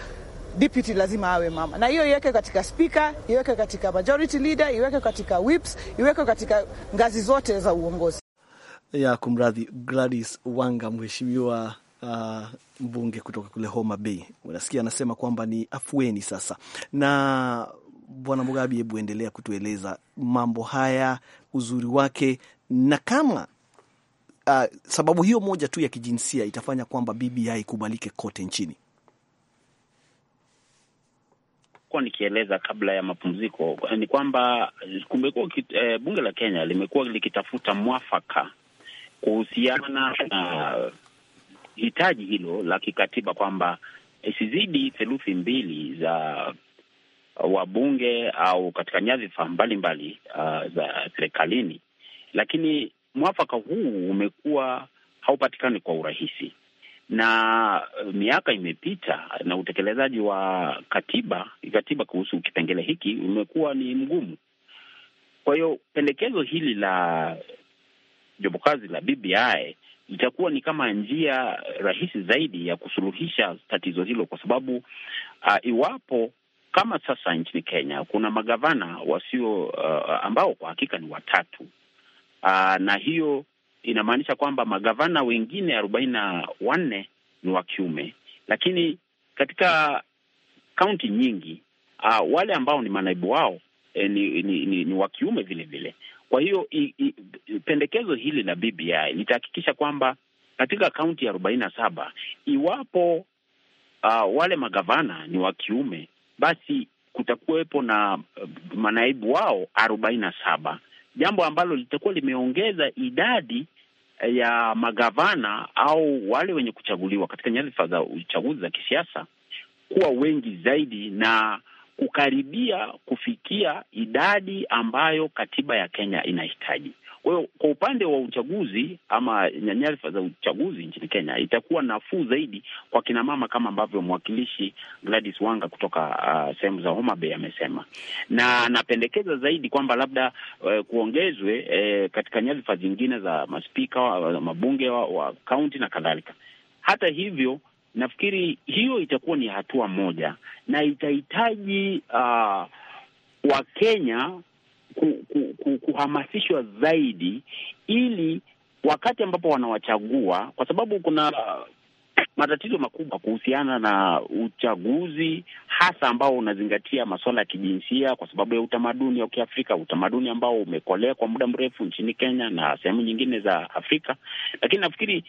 deputy lazima awe mama, na hiyo iweke katika spika, iweke katika majority leader, iweke katika whips, iweke katika ngazi zote za uongozi. ya kumradhi, Gladys Wanga, mheshimiwa Uh, mbunge kutoka kule Homa Bay, unasikia anasema kwamba ni afueni sasa. Na Bwana Mugabi, hebu endelea kutueleza mambo haya, uzuri wake, na kama uh, sababu hiyo moja tu ya kijinsia itafanya kwamba BBI ikubalike kote nchini? kuwa nikieleza kabla ya mapumziko ni kwamba kumekuwa e, bunge la Kenya limekuwa likitafuta mwafaka kuhusiana na uh, hitaji hilo la kikatiba kwamba isizidi theluthi mbili za wabunge au katika nyadhifa mbalimbali uh, za serikalini, lakini mwafaka huu umekuwa haupatikani kwa urahisi, na eh, miaka imepita na utekelezaji wa katiba katiba kuhusu kipengele hiki umekuwa ni mgumu. Kwa hiyo pendekezo hili la jopo kazi la BBI itakuwa ni kama njia rahisi zaidi ya kusuluhisha tatizo hilo, kwa sababu uh, iwapo kama sasa nchini Kenya kuna magavana wasio uh, ambao kwa hakika ni watatu Aa, ah, na hiyo inamaanisha kwamba magavana wengine arobaini na wanne ni wa kiume, lakini katika kaunti nyingi aa, ah, wale ambao ni manaibu wao e, ni, ni, ni, ni wa kiume vile vile. Kwa hiyo i, i, pendekezo hili la BBI litahakikisha kwamba katika kaunti arobaini na saba iwapo aa, ah, wale magavana ni wa kiume, basi kutakuwepo na eh, manaibu wao arobaini na saba jambo ambalo litakuwa limeongeza idadi eh, ya magavana au wale wenye kuchaguliwa katika nyadhifa za uchaguzi za kisiasa kuwa wengi zaidi na kukaribia kufikia idadi ambayo katiba ya Kenya inahitaji. Kwa hiyo kwa upande wa uchaguzi ama nyadhifa za uchaguzi nchini Kenya itakuwa nafuu zaidi kwa kina mama kama ambavyo mwakilishi Gladys Wanga kutoka uh, sehemu za Homa Bay amesema, na napendekeza zaidi kwamba labda uh, kuongezwe uh, katika nyadhifa zingine za maspika wa, mabunge wa kaunti na kadhalika. Hata hivyo nafikiri hiyo itakuwa ni hatua moja na itahitaji uh, Wakenya ku, ku, ku, kuhamasishwa zaidi, ili wakati ambapo wanawachagua, kwa sababu kuna matatizo makubwa kuhusiana na uchaguzi hasa ambao unazingatia masuala ya kijinsia kwa sababu ya utamaduni wa Kiafrika, utamaduni ambao umekolea kwa muda mrefu nchini Kenya na sehemu nyingine za Afrika. Lakini nafikiri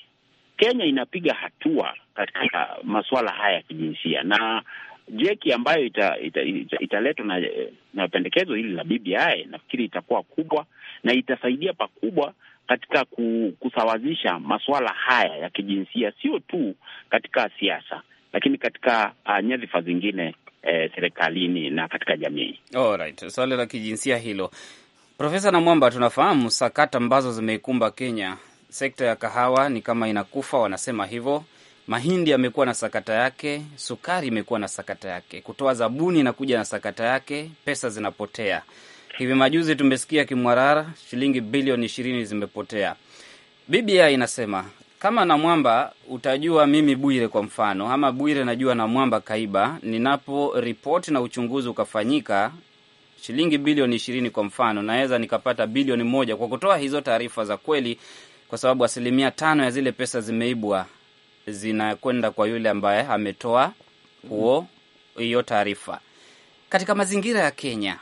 Kenya inapiga hatua katika masuala haya ya kijinsia, na jeki ambayo italetwa ita, ita, ita, na, na pendekezo hili la BBI nafikiri itakuwa kubwa na itasaidia pakubwa katika kusawazisha masuala haya ya kijinsia, sio tu katika siasa, lakini katika uh, nyadhifa zingine eh, serikalini na katika jamii. Alright, swali la kijinsia hilo, Profesa Namwamba, tunafahamu sakata ambazo zimeikumba Kenya, sekta ya kahawa ni kama inakufa, wanasema hivyo mahindi yamekuwa na sakata yake, sukari imekuwa na sakata yake, kutoa zabuni inakuja na sakata yake, pesa zinapotea. Hivi majuzi tumesikia Kimwarara, shilingi bilioni ishirini zimepotea. Biblia inasema kama Namwamba utajua mimi Bwire kwa mfano, ama Bwire najua Namwamba kaiba, ninapo ripoti na uchunguzi ukafanyika shilingi bilioni ishirini kwa mfano, naweza nikapata bilioni moja kwa kutoa hizo taarifa za kweli, kwa sababu asilimia tano ya zile pesa zimeibwa zinakwenda kwa yule ambaye ametoa huo hiyo taarifa. Katika mazingira ya Kenya,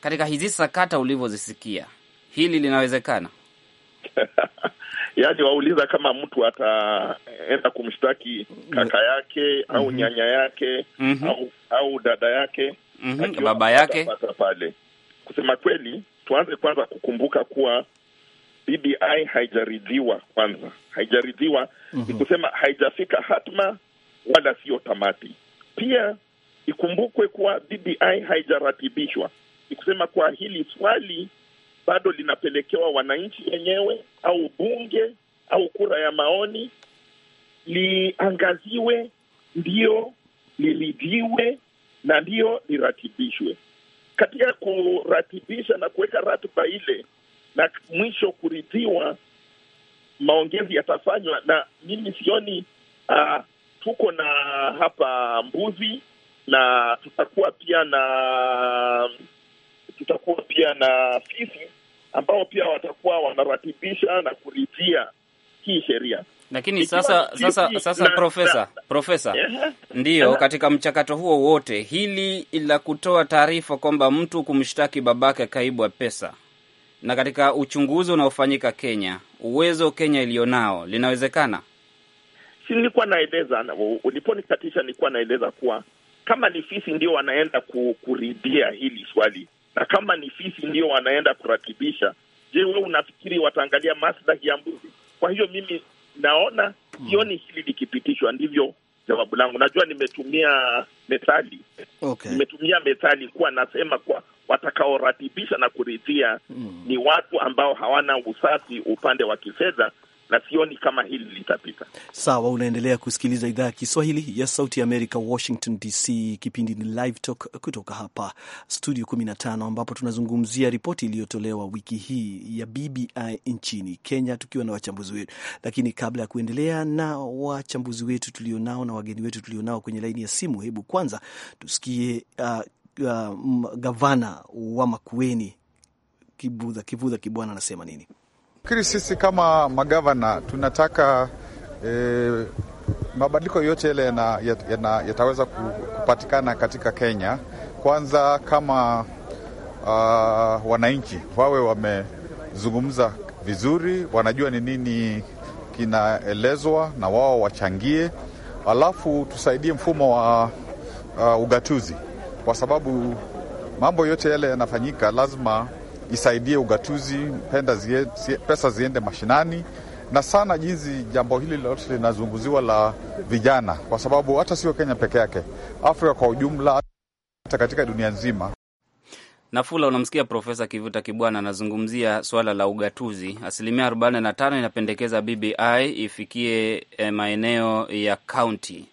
katika hizi sakata ulivyozisikia, hili linawezekana? Yaani wauliza kama mtu ataenda kumshtaki kaka yake au mhm. nyanya yake mm -hmm. au, au dada yake mm -hmm. baba yake pale. Kusema kweli, tuanze kwanza kukumbuka kuwa BBI haijaridhiwa kwanza, haijaridhiwa mm -hmm. Ni mhm. kusema haijafika hatma wala siyo tamati. Pia ikumbukwe kuwa BBI haijaratibishwa, ni kusema kwa hili swali bado linapelekewa wananchi wenyewe au bunge au kura ya maoni, liangaziwe ndio liridhiwe na ndio liratibishwe. Katika kuratibisha na kuweka ratiba ile na mwisho kuridhiwa, maongezi yatafanywa, na mimi sioni uh, tuko na hapa mbuzi na tutakuwa pia na tutakuwa pia na fisi ambao pia watakuwa wanaratibisha na kuridhia hii sheria. Lakini sasa sasa sasa, profesa profesa, ndiyo katika mchakato huo wote, hili la kutoa taarifa kwamba mtu kumshtaki babake akaibwa pesa na katika uchunguzi unaofanyika Kenya, uwezo Kenya iliyonao linawezekana? Si nilikuwa naeleza, uliponikatisha, nilikuwa naeleza kuwa kama ni fisi ndio wanaenda ku, kuridhia hili swali na kama ni fisi ndio wanaenda kuratibisha, je, wewe unafikiri wataangalia maslahi ya mbuzi? Kwa hiyo mimi naona hmm. sioni hili likipitishwa, ndivyo jawabu langu. Najua nimetumia methali okay. Nimetumia methali kuwa nasema kwa watakaoratibisha na kuridhia mm. ni watu ambao hawana usafi upande wa kifedha na sioni kama hili litapita. Sawa, unaendelea kusikiliza idhaa ya Kiswahili ya Sauti ya Amerika, Washington DC. Kipindi ni Live Talk kutoka hapa studio 15 ambapo tunazungumzia ripoti iliyotolewa wiki hii ya BBI nchini Kenya tukiwa na wachambuzi wetu. Lakini kabla ya kuendelea na wachambuzi wetu tulionao na wageni wetu tulionao kwenye laini ya simu, hebu kwanza tusikie uh, uh, gavana wa Makueni Kibudha Kibudha Kibwana anasema nini? Fikiri sisi kama magavana tunataka e, mabadiliko yote yale yana, yana, yataweza kupatikana katika Kenya. Kwanza kama uh, wananchi wawe wamezungumza vizuri, wanajua ni nini kinaelezwa na wao wachangie, alafu tusaidie mfumo wa uh, ugatuzi, kwa sababu mambo yote yale yanafanyika lazima isaidie ugatuzi zie, pesa ziende mashinani na sana jinsi jambo hili lolote linazunguziwa la vijana, kwa sababu hata sio Kenya peke yake, Afrika kwa ujumla, hata katika dunia nzima. Nafula, unamsikia Profesa Kivuta Kibwana anazungumzia swala la ugatuzi. Asilimia 45 inapendekeza BBI ifikie eh, maeneo ya kaunti.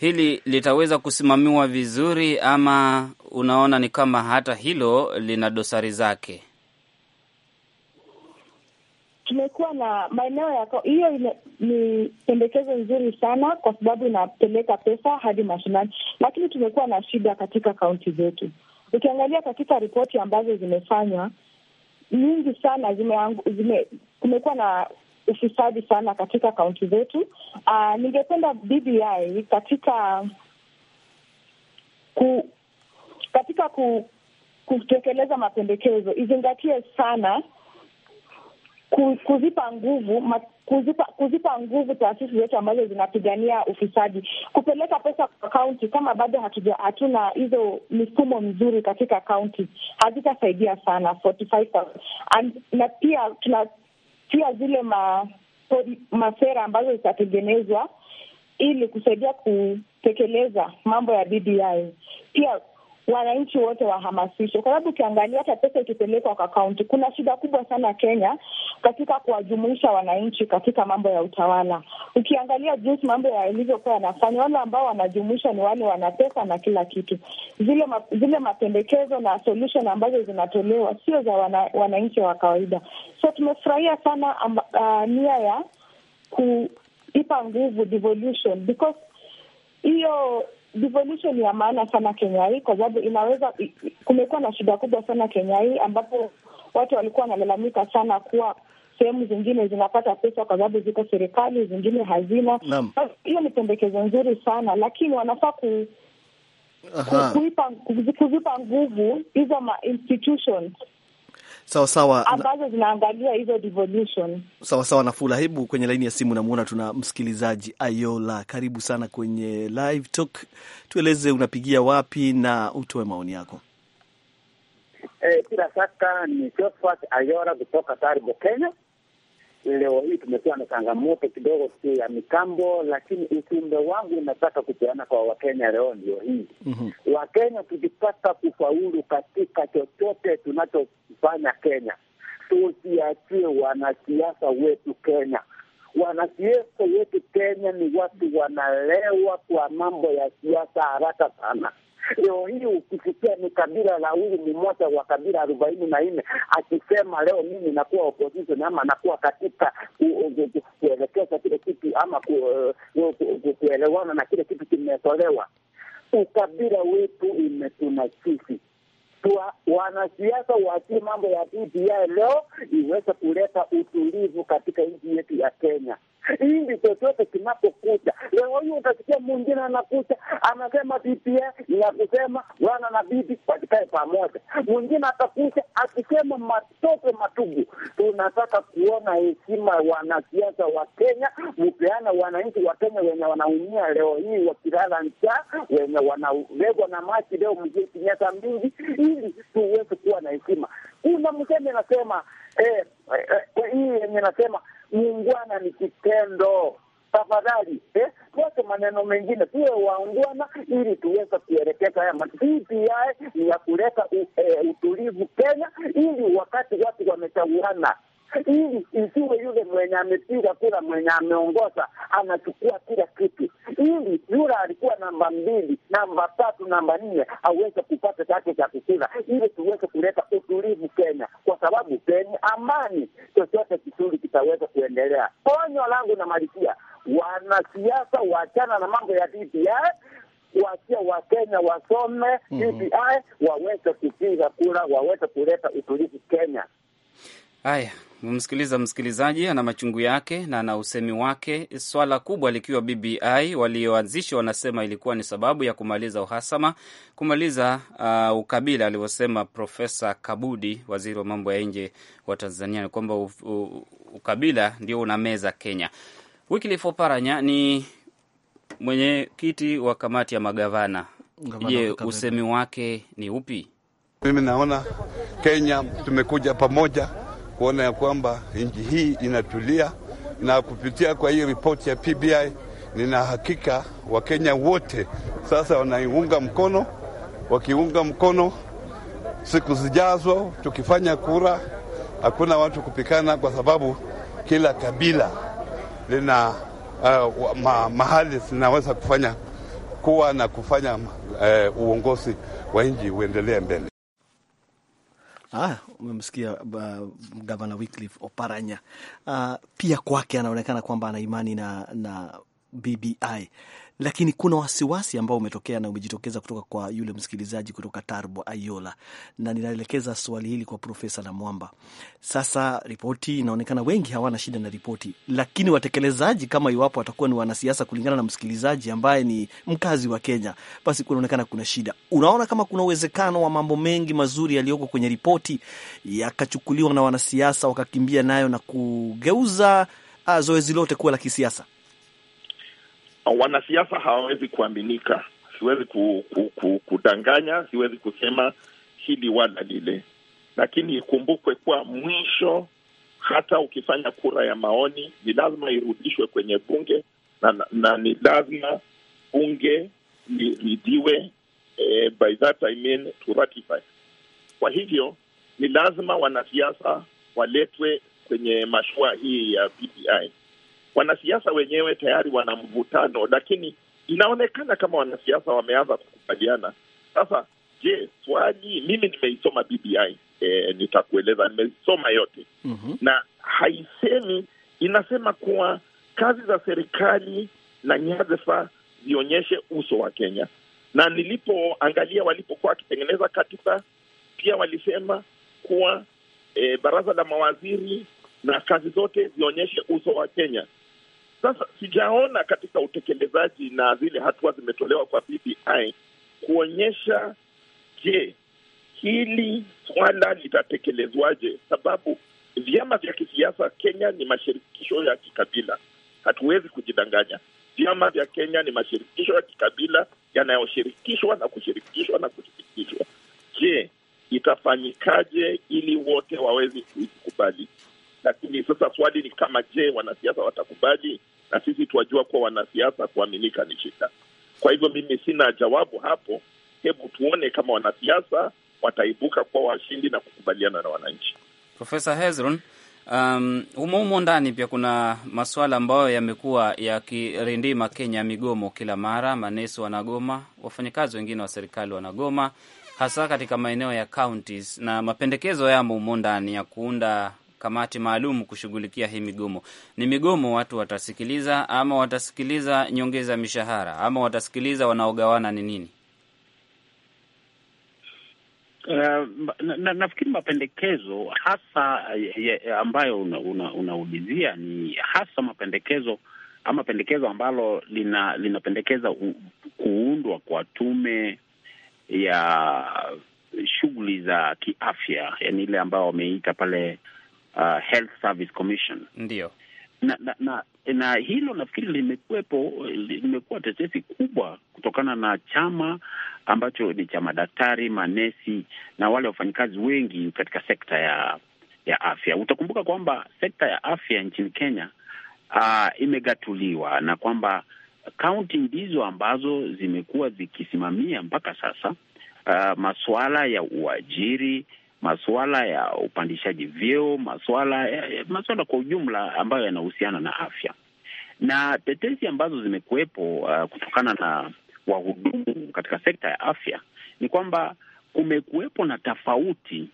Hili litaweza kusimamiwa vizuri ama unaona ni kama hata hilo lina dosari zake? Tumekuwa na maeneo ya hiyo, ni pendekezo nzuri sana kwa sababu inapeleka pesa hadi mashinani, lakini tumekuwa na shida katika kaunti zetu. Ukiangalia katika ripoti ambazo zimefanywa nyingi sana zime- kumekuwa na ufisadi sana katika kaunti zetu. Uh, ningependa BBI katika ku, katika ku, kutekeleza mapendekezo izingatie sana kuzipa nguvu ma, kuzipa, kuzipa nguvu taasisi zetu ambazo zinapigania ufisadi, kupeleka pesa kwa kaunti. Kama bado hatuja, hatuna hizo mifumo mzuri katika kaunti, hazitasaidia sana 45, and, na pia tuna pia zile ma, masera ambazo zitatengenezwa ili kusaidia kutekeleza mambo ya BBI pia wananchi wote wahamasishwe, kwa sababu ukiangalia hata pesa ikipelekwa kwa kaunti, kuna shida kubwa sana Kenya katika kuwajumuisha wananchi katika mambo ya utawala. Ukiangalia jinsi mambo yalivyokuwa yanafanya, wale ambao wanajumuisha ni wale wana pesa na kila kitu. Zile ma, zile mapendekezo na solution ambazo zinatolewa sio za wana, wananchi wa kawaida. So tumefurahia sana amba, uh, nia ya kuipa nguvu devolution because hiyo devolution ya maana sana Kenya hii kwa sababu inaweza, kumekuwa na shida kubwa sana Kenya hii ambapo watu walikuwa wanalalamika sana kuwa sehemu zingine zinapata pesa kwa sababu ziko serikali, zingine hazina. Hiyo ni pendekezo nzuri sana, lakini wanafaa ku kuzipa nguvu hizo ma institutions sawa sawa, ambazo zinaangalia hizo devolution. Sawa sawa, Nafula, hebu kwenye laini ya simu, namuona tuna msikilizaji Ayola. Karibu sana kwenye live talk, tueleze unapigia wapi na utoe maoni yako. Bila eh, bila shaka ni Josephat Ayola kutoka Taribo, Kenya leo hii tumekuwa na changamoto kidogo tu ya mitambo, lakini ujumbe wangu nataka kupeana kwa Wakenya leo ndio hii mm -hmm. Wakenya tukipata kufaulu katika chochote tunachofanya Kenya, tusiachie wanasiasa wetu Kenya. Wanasiasa wetu Kenya ni watu wanalewa kwa mambo ya siasa haraka sana. Leo hii ukisikia ni kabila la huyu mmoja wa kabila arobaini na nne akisema leo mimi nakuwa opposition ama nakuwa katika kuelekeza kile kitu ama eh, kuelewana na kile kitu kimetolewa. Ukabila wetu imetuna sisi wanasiasa wasii mambo ya BBI leo iweze kuleta utulivu katika nchi yetu ya Kenya. Hindi chochote kinapokuja leo hii, utasikia mwingine anakucha anasema bibi ni ya kusema bwana na bibi wakikae pamoja, mwingine atakucha akisema matope matugu. Tunataka kuona heshima wanasiasa wa Kenya, mupeana wananchi wa Kenya wenye wanaumia leo hii wakilala njaa, wenye wanalegwa na maji leo miaka mingi, ili tuweze kuwa na heshima. Kuna mseme nasema hii eh, nasema eh, eh, eh nasema uungwana ni kitendo. Tafadhali eh, tuache maneno mengine, tuwe waungwana ili tuweze kuelekeza haya ya kuleta eh, utulivu Kenya, ili wakati watu wamechaguana hii isiwe yule mwenye amepiga kura, mwenye ameongoza anachukua kila kitu, ili yule alikuwa namba mbili, namba tatu, namba nne aweze kupata chake cha kukula, ili tuweze kuleta utulivu Kenya, kwa sababu penye amani chochote kizuri kitaweza kuendelea. Onyo langu malikia, wanasiasa wachana na mambo ya DPI wasia Wakenya wasome mhm. DPI, waweze kupiga kura, waweze kuleta utulivu Kenya. Haya, mumsikiliza msikilizaji, ana machungu yake na ana usemi wake, swala kubwa likiwa BBI walioanzisha wanasema ilikuwa ni sababu ya kumaliza uhasama, kumaliza uh, ukabila, alivyosema Profesa Kabudi, waziri wa mambo ya nje wa Tanzania, ni kwamba ukabila ndio unameza Kenya. Wycliffe Oparanya ni mwenyekiti wa kamati ya magavana. Je, usemi wake ni upi? Mimi naona Kenya tumekuja pamoja kuona ya kwamba nchi hii inatulia, na kupitia kwa hii ripoti ya PBI nina hakika Wakenya wote sasa wanaiunga mkono. Wakiunga mkono, siku zijazo tukifanya kura, hakuna watu kupikana, kwa sababu kila kabila lina uh, ma, mahali zinaweza kufanya kuwa na kufanya uh, uongozi wa nchi uendelee mbele. Ah, umemsikia uh, gavana Wycliffe Oparanya. Uh, pia kwake anaonekana kwamba ana imani na, na BBI lakini kuna wasiwasi ambao umetokea na umejitokeza kutoka kwa yule msikilizaji kutoka Tarbo Ayola, na ninaelekeza swali hili kwa Profesa Namwamba. Sasa ripoti inaonekana wengi hawana shida na ripoti, lakini watekelezaji, kama iwapo watakuwa ni wanasiasa, kulingana na msikilizaji ambaye ni mkazi wa Kenya, basi kunaonekana kuna shida. Unaona kama kuna uwezekano wa mambo mengi mazuri yaliyoko kwenye ripoti yakachukuliwa na wanasiasa wakakimbia nayo na kugeuza ah, zoezi lote kuwa la kisiasa? Ah, wanasiasa hawawezi kuaminika. Siwezi ku, ku, ku, kudanganya, siwezi kusema hili wala lile, lakini ikumbukwe kuwa mwisho, hata ukifanya kura ya maoni ni lazima irudishwe kwenye bunge na, na, na ni lazima bunge liridhiwe eh, by that I mean to ratify. Kwa hivyo ni lazima wanasiasa waletwe kwenye mashua hii ya BBI wanasiasa wenyewe tayari wana mvutano, lakini inaonekana kama wanasiasa wameanza kukubaliana. Sasa je, swali mimi nimeisoma BBI e, eh, nitakueleza nimeisoma yote mm -hmm. na haisemi, inasema kuwa kazi za serikali na nyadhifa zionyeshe uso wa Kenya, na nilipoangalia walipokuwa wakitengeneza katiba pia walisema kuwa e, baraza la mawaziri na kazi zote zionyeshe uso wa Kenya. Sasa sijaona katika utekelezaji na zile hatua zimetolewa kwa BBI kuonyesha, je, hili swala litatekelezwaje? Sababu vyama vya kisiasa Kenya ni mashirikisho ya kikabila, hatuwezi kujidanganya. Vyama vya Kenya ni mashirikisho ya kikabila yanayoshirikishwa na kushirikishwa na kushirikishwa. Je, itafanyikaje ili wote waweze kuikubali? Lakini sasa swali ni kama, je, wanasiasa watakubali? Na sisi tuwajua kuwa wanasiasa kuaminika ni shida. Kwa hivyo mimi sina jawabu hapo. Hebu tuone kama wanasiasa wataibuka kuwa washindi na kukubaliana na wananchi. Profesa Hezron, um, humohumo ndani pia kuna masuala ambayo yamekuwa yakirindima Kenya, migomo kila mara, manesi wanagoma, wafanyakazi wengine wa serikali wanagoma, hasa katika maeneo ya counties, na mapendekezo yamo humo ndani ya kuunda kamati maalum kushughulikia hii migomo. Ni migomo watu watasikiliza, ama watasikiliza nyongeza mishahara, ama watasikiliza wanaogawana ni nini? Uh, nafikiri na, mapendekezo hasa eh, ye, eh, ambayo unaulizia una, una ni hasa mapendekezo ama pendekezo ambalo lina, linapendekeza kuundwa kwa tume ya shughuli za kiafya, yani ile ambayo wameita pale uh, Health Service Commission ndio na, na, na, na hilo nafikiri limekuwepo, limekuwa tetesi kubwa kutokana na chama ambacho ni cha madaktari, manesi na wale wafanyikazi wengi katika sekta ya ya afya. Utakumbuka kwamba sekta ya afya nchini Kenya uh, imegatuliwa na kwamba kaunti ndizo ambazo zimekuwa zikisimamia mpaka sasa uh, masuala ya uajiri masuala ya upandishaji vyeo, masuala eh, eh, masuala kwa ujumla ambayo yanahusiana na afya na tetesi ambazo zimekuwepo uh, kutokana na wahudumu katika sekta ya afya ni kwamba kumekuwepo na tofauti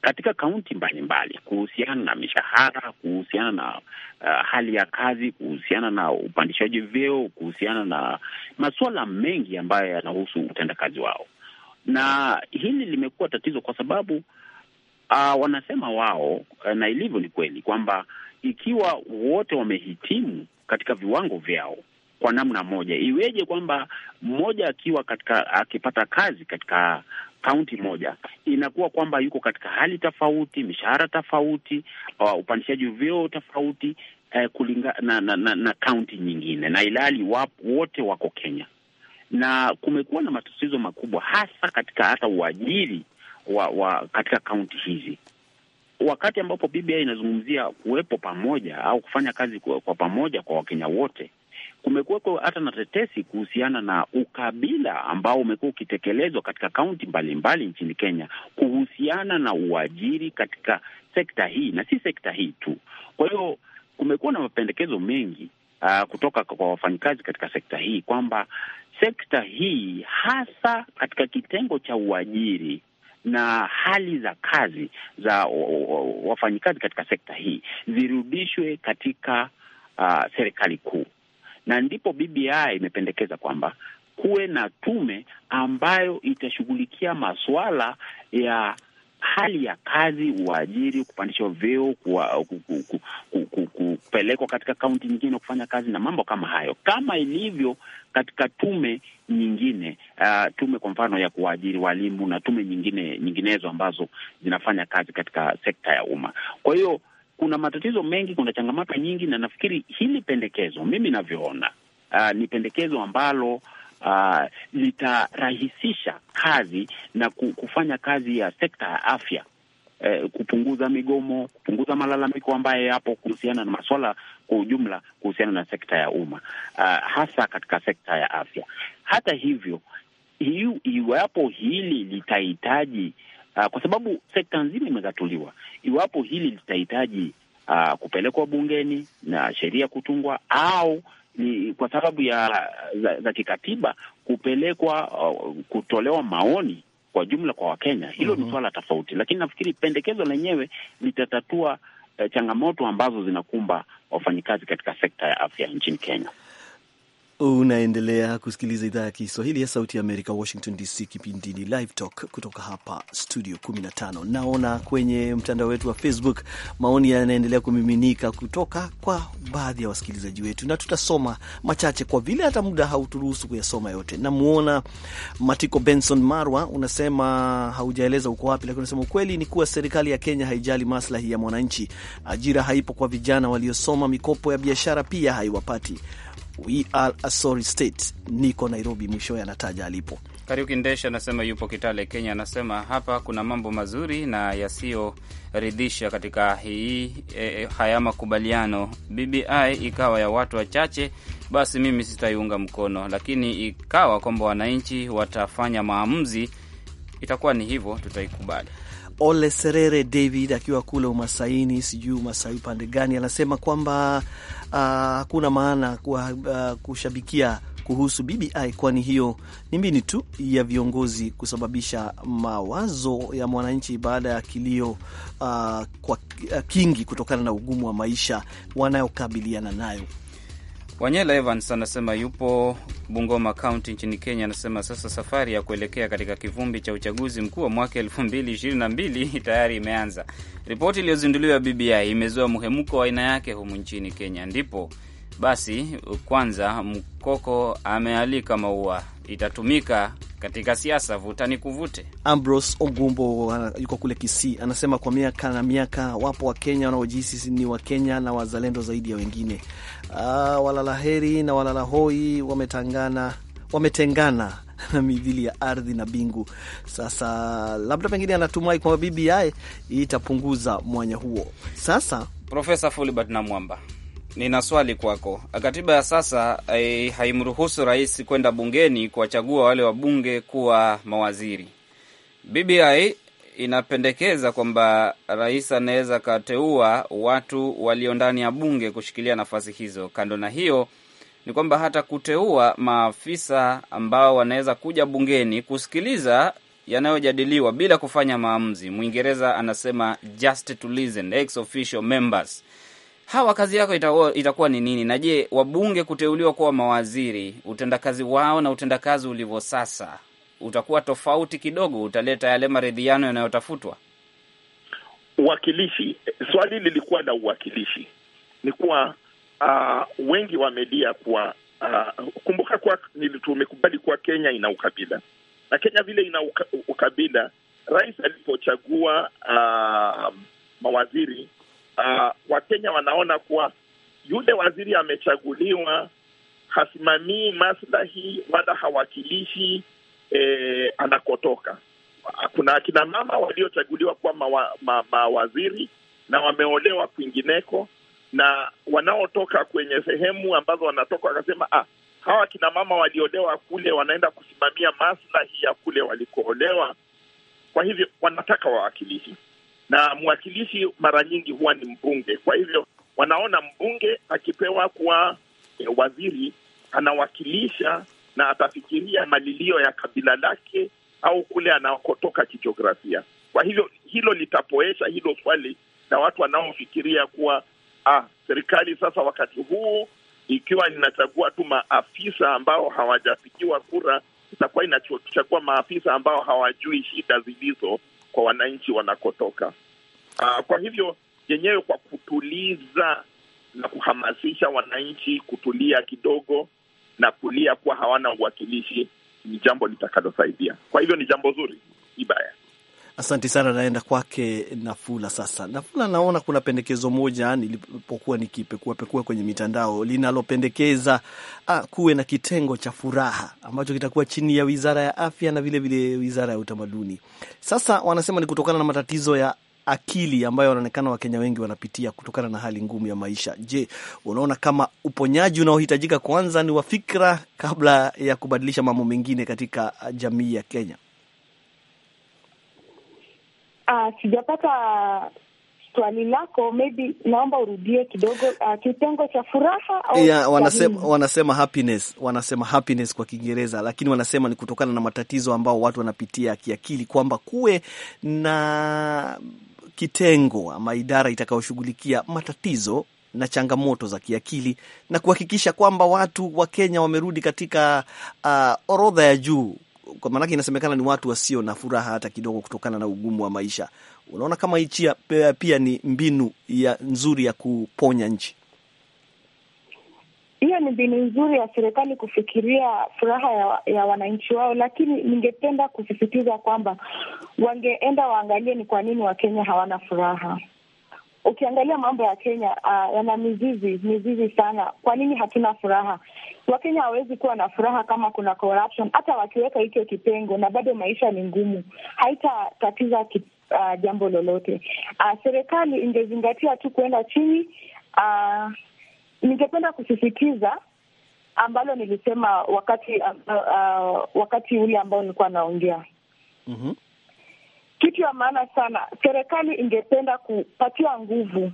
katika kaunti mbalimbali kuhusiana na mishahara, kuhusiana na uh, hali ya kazi, kuhusiana na upandishaji vyeo, kuhusiana na masuala mengi ambayo yanahusu utendakazi wao na hili limekuwa tatizo kwa sababu uh, wanasema wao uh, na ilivyo ni kweli kwamba ikiwa wote wamehitimu katika viwango vyao kwa namna moja, iweje kwamba mmoja akiwa katika akipata kazi katika kaunti moja inakuwa kwamba yuko katika hali tofauti, mishahara tofauti, uh, upandishaji vyeo tofauti, uh, eh, kulingana na kaunti na, na, na nyingine, na ilhali wote wako Kenya na kumekuwa na matatizo makubwa hasa katika hata uajiri wa, wa katika kaunti hizi. Wakati ambapo BBI inazungumzia kuwepo pamoja au kufanya kazi kwa, kwa pamoja kwa Wakenya wote, kumekuweko hata na tetesi kuhusiana na ukabila ambao umekuwa ukitekelezwa katika kaunti mbalimbali nchini Kenya kuhusiana na uajiri katika sekta hii na si sekta hii tu. Kwa hiyo kumekuwa na mapendekezo mengi uh, kutoka kwa wafanyikazi katika sekta hii kwamba sekta hii hasa katika kitengo cha uajiri na hali za kazi za wafanyikazi katika sekta hii zirudishwe katika uh, serikali kuu, na ndipo BBI imependekeza kwamba kuwe na tume ambayo itashughulikia masuala ya hali ya kazi, uajiri, kupandishwa vyeo, kupelekwa katika kaunti nyingine kufanya kazi na mambo kama hayo, kama ilivyo katika tume nyingine uh, tume kwa mfano ya kuwaajiri walimu na tume nyingine nyinginezo ambazo zinafanya kazi katika sekta ya umma. Kwa hiyo kuna matatizo mengi, kuna changamoto nyingi, na nafikiri hili pendekezo mimi navyoona, uh, ni pendekezo ambalo uh, litarahisisha kazi na kufanya kazi ya sekta ya afya eh, kupunguza migomo, kupunguza malalamiko ambayo yapo kuhusiana na masuala kwa ujumla kuhusiana na sekta ya umma uh, hasa katika sekta ya afya. Hata hivyo hiu, iwapo hili litahitaji uh, kwa sababu sekta nzima imegatuliwa, iwapo hili litahitaji uh, kupelekwa bungeni na sheria kutungwa au ni kwa sababu ya za, za kikatiba kupelekwa uh, kutolewa maoni kwa jumla kwa Wakenya, hilo mm -hmm. ni mhm. swala tofauti, lakini nafikiri pendekezo lenyewe litatatua uh, changamoto ambazo zinakumba wafanyikazi katika sekta ya afya nchini Kenya. Unaendelea kusikiliza idhaa ya Kiswahili ya Sauti ya Amerika, Washington DC, kipindini Live Talk kutoka hapa studio 15. Naona kwenye mtandao wetu wa Facebook maoni yanaendelea kumiminika kutoka kwa baadhi ya wasikilizaji wetu, na tutasoma machache kwa vile hata muda hauturuhusu kuyasoma yote. Namwona Matiko Benson Marwa, unasema haujaeleza uko wapi, lakini unasema ukweli ni kuwa serikali ya Kenya haijali maslahi ya mwananchi. Ajira haipo kwa vijana waliosoma, mikopo ya biashara pia haiwapati we are a sorry state, niko Nairobi, mwishowe anataja alipo. Kariuki Ndesha anasema yupo Kitale, Kenya. Anasema hapa kuna mambo mazuri na yasiyoridhisha katika hii e, haya makubaliano. BBI ikawa ya watu wachache, basi mimi sitaiunga mkono, lakini ikawa kwamba wananchi watafanya maamuzi, itakuwa ni hivyo, tutaikubali. Ole Serere David akiwa kule Umasaini, sijui Umasai upande gani, anasema kwamba ah, hakuna uh, maana kwa, uh, kushabikia kuhusu BBI kwani hiyo ni mbini tu ya viongozi kusababisha mawazo ya mwananchi baada ya kilio uh, kwa kingi kutokana na ugumu wa maisha wanayokabiliana nayo. Wanyela Evans anasema yupo Bungoma Kaunti nchini Kenya. Anasema sasa safari ya kuelekea katika kivumbi cha uchaguzi mkuu wa mwaka elfu mbili ishirini na mbili tayari imeanza. Ripoti iliyozinduliwa BBI imezua mhemko wa aina yake humu nchini Kenya. Ndipo basi kwanza Mkoko amealika maua itatumika katika siasa vuta ni kuvute. Ambrose Ogumbo uh, yuko kule Kisii, anasema kwa miaka na miaka wapo Wakenya wanaojihisi ni Wakenya na wazalendo zaidi ya wengine uh, ah, walala heri na walala hoi wametangana, wametengana na midhili ya ardhi na bingu Sasa labda pengine anatumai kwamba BBI itapunguza mwanya huo. Sasa Profesa Fulibert na Mwamba, nina swali kwako. Katiba ya sasa eh, haimruhusu rais kwenda bungeni kuwachagua wale wabunge kuwa mawaziri. BBI inapendekeza kwamba rais anaweza akateua watu walio ndani ya bunge kushikilia nafasi hizo. Kando na hiyo ni kwamba hata kuteua maafisa ambao wanaweza kuja bungeni kusikiliza yanayojadiliwa bila kufanya maamuzi. Mwingereza anasema just to listen, ex officio members. Hawa kazi yako itakuwa, ni nini? Na je, wabunge kuteuliwa kuwa mawaziri, utendakazi wao na utendakazi ulivyo sasa utakuwa tofauti kidogo, utaleta yale maridhiano yanayotafutwa. Uwakilishi, swali lilikuwa la uwakilishi. Ni kuwa uh, wengi wamelia kuwa uh, ah, kumbuka kuwa tumekubali kuwa Kenya ina ukabila na Kenya vile ina uka, ukabila. Rais alipochagua uh, mawaziri uh, Wakenya wanaona kuwa yule waziri amechaguliwa hasimamii maslahi wala hawakilishi eh, anakotoka. Kuna akina mama waliochaguliwa kuwa mawaziri ma, mawaziri na wameolewa kwingineko, na wanaotoka kwenye sehemu ambazo wanatoka wakasema, ah, hawa akina mama waliolewa kule wanaenda kusimamia maslahi ya kule walikoolewa, kwa hivyo wanataka wawakilishi, na mwakilishi mara nyingi huwa ni mbunge. Kwa hivyo wanaona mbunge akipewa kuwa eh, waziri anawakilisha na atafikiria malilio ya kabila lake au kule anakotoka kijiografia. Kwa hivyo hilo litapoesha hilo swali na watu wanaofikiria kuwa ah, serikali sasa wakati huu ikiwa inachagua tu maafisa ambao hawajapigiwa kura, itakuwa inachagua maafisa ambao hawajui shida zilizo kwa wananchi wanakotoka. Ah, kwa hivyo yenyewe kwa kutuliza na kuhamasisha wananchi kutulia kidogo na kulia kuwa hawana uwakilishi ni jambo litakalosaidia. Kwa hivyo ni jambo zuri, si baya. Asante sana, naenda kwake Nafula. Sasa Nafula, naona kuna pendekezo moja nilipokuwa nikipekuapekua kwenye mitandao linalopendekeza ah, kuwe na kitengo cha furaha ambacho kitakuwa chini ya wizara ya afya na vilevile vile wizara ya utamaduni. Sasa wanasema ni kutokana na matatizo ya akili ambayo wanaonekana Wakenya wengi wanapitia kutokana na hali ngumu ya maisha. Je, unaona kama uponyaji unaohitajika kwanza ni wa fikra kabla ya kubadilisha mambo mengine katika uh, jamii ya Kenya? Ah, sijapata uh, swali lako, maybe naomba urudie kidogo. Uh, kitengo cha furaha au yeah, wanasema, wanasema happiness, wanasema happiness kwa Kiingereza, lakini wanasema ni kutokana na matatizo ambao watu wanapitia kiakili, kwamba kuwe na kitengo ama idara itakayoshughulikia matatizo na changamoto za kiakili na kuhakikisha kwamba watu wa Kenya wamerudi katika uh, orodha ya juu, kwa maanake inasemekana ni watu wasio na furaha hata kidogo kutokana na ugumu wa maisha. Unaona kama hichi pia ni mbinu ya nzuri ya kuponya nchi hiyo ni mbinu nzuri ya serikali kufikiria furaha ya, ya wananchi wao, lakini ningependa kusisitiza kwamba wangeenda waangalie ni kwa nini Wakenya hawana furaha. Ukiangalia mambo ya Kenya uh, yana mizizi mizizi sana. Kwa nini hatuna furaha? Wakenya hawawezi kuwa na furaha kama kuna corruption. Hata wakiweka hicho kipengo na bado maisha ni ngumu, haitatatiza uh, jambo lolote. Uh, serikali ingezingatia tu kuenda chini uh, ningependa kusisitiza ambalo nilisema wakati uh, uh, wakati ule ambao nilikuwa naongea mm -hmm. Kitu ya maana sana, serikali ingependa kupatia nguvu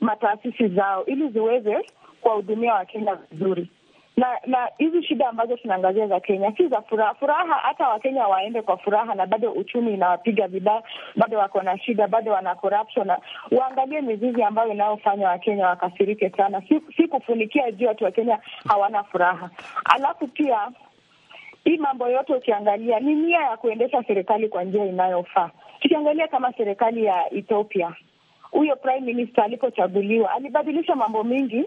mataasisi zao ili ziweze kuwahudumia Wakenya vizuri na na hizi shida ambazo tunaangazia za Kenya si za furaha furaha. Hata Wakenya waende kwa furaha, na bado uchumi inawapiga vibaya, bado wako na shida, bado wana corruption. Na waangalie mizizi ambayo inayofanya Wakenya wakasirike sana, si, si kufunikia juu watu Wakenya hawana furaha. Alafu pia hii mambo yote ukiangalia ni nia ya kuendesha serikali kwa njia inayofaa. Tukiangalia kama serikali ya Ethiopia, huyo prime minister alipochaguliwa alibadilisha mambo mingi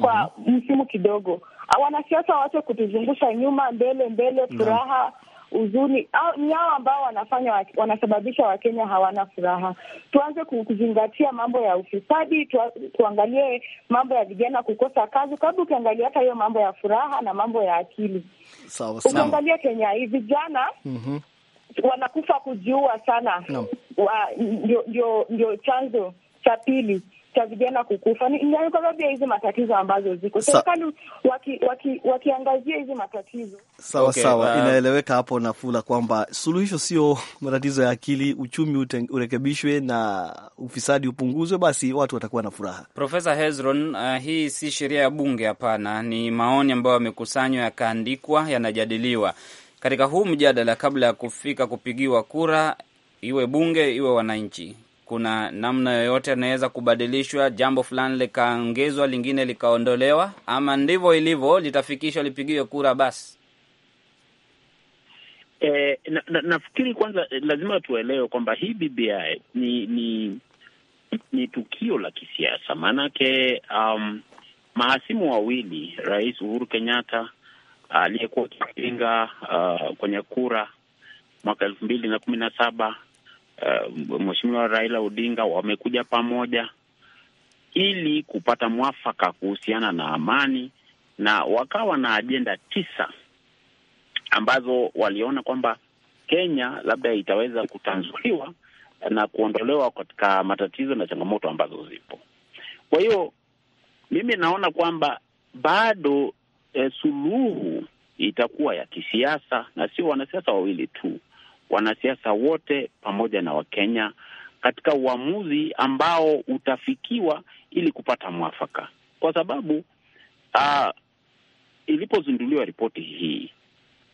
kwa mm -hmm. msimu kidogo Wanasiasa waache kutuzungusha nyuma, mbele mbele, furaha huzuni ni hao ambao wanafanya wanasababisha Wakenya hawana furaha. Tuanze kuzingatia mambo ya ufisadi tu, tuangalie mambo ya vijana kukosa kazi, kabla ukiangalia hata hiyo mambo ya furaha na mambo ya akili. Sawa sawa, ukiangalia Kenya hii vijana mm -hmm. wanakufa kujiua sana, ndio no. Chanzo cha pili cha vijana kukufa ni, ni kwa sababu ya hizi matatizo ambazo ziko serikali waki, waki, wakiangazia hizi matatizo sawa okay, sawa uh... inaeleweka hapo Nafula kwamba suluhisho sio matatizo ya akili, uchumi urekebishwe na ufisadi upunguzwe, basi watu watakuwa na furaha. Profesa Hezron, uh, hii si sheria ya bunge, hapana, ni maoni ambayo yamekusanywa yakaandikwa, yanajadiliwa katika huu mjadala kabla ya kufika kupigiwa kura, iwe bunge iwe wananchi kuna namna yoyote anaweza kubadilishwa, jambo fulani likaongezwa, lingine likaondolewa, ama ndivyo ilivyo, litafikishwa lipigiwe kura basi? E, na, na, nafikiri kwanza eh, lazima tuelewe kwamba hii BBI ni ni ni tukio la kisiasa maanake, um, mahasimu wawili, Rais Uhuru Kenyatta aliyekuwa akipinga uh, kwenye kura mwaka elfu mbili na kumi na saba uh, Mheshimiwa Raila Odinga wamekuja pamoja ili kupata mwafaka kuhusiana na amani, na wakawa na ajenda tisa ambazo waliona kwamba Kenya labda itaweza kutanzuliwa na kuondolewa katika matatizo na changamoto ambazo zipo. Kwa hiyo mimi naona kwamba bado e, suluhu itakuwa ya kisiasa na sio wanasiasa wawili tu wanasiasa wote pamoja na Wakenya katika uamuzi ambao utafikiwa ili kupata mwafaka, kwa sababu uh, ilipozinduliwa ripoti hii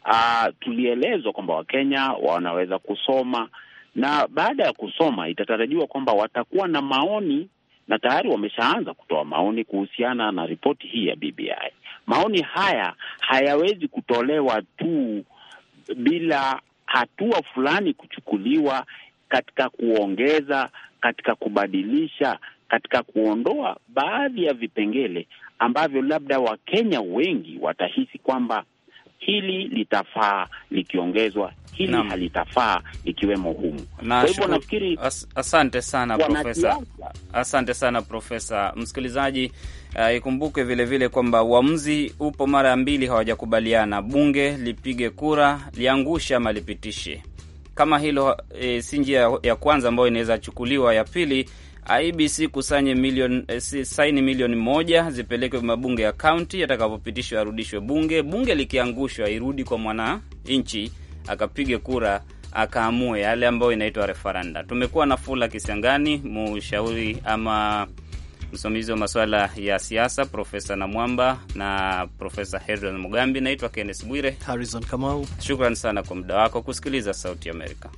uh, tulielezwa kwamba Wakenya wanaweza kusoma na baada ya kusoma itatarajiwa kwamba watakuwa na maoni na tayari wameshaanza kutoa maoni kuhusiana na ripoti hii ya BBI. Maoni haya hayawezi kutolewa tu bila hatua fulani kuchukuliwa katika kuongeza, katika kubadilisha, katika kuondoa baadhi ya vipengele ambavyo labda Wakenya wengi watahisi kwamba hili litafaa likiongezwa, hili na halitafaa ikiwemo humu. Kwa hivyo nafikiri, asante sana profesa, asante sana profesa. Msikilizaji uh, eh, ikumbuke vilevile kwamba uamuzi upo mara ya mbili, hawajakubaliana. Bunge lipige kura, liangushe ama lipitishe. Kama hilo e, si njia ya kwanza ambayo inaweza chukuliwa. Ya pili IBC kusanye e, si, saini milioni moja zipelekwe mabunge ya kaunti, yatakapopitishwa yarudishwe bunge. Bunge likiangushwa irudi kwa mwananchi akapige kura akaamue yale ambayo inaitwa referenda. Tumekuwa na Fula Kisangani, mshauri ama msimamizi wa masuala ya siasa, Profesa Namwamba na Profesa Hedron Mugambi. Naitwa kennes Bwire Harrison Kamau, shukran sana kwa muda wako kusikiliza Sauti Amerika.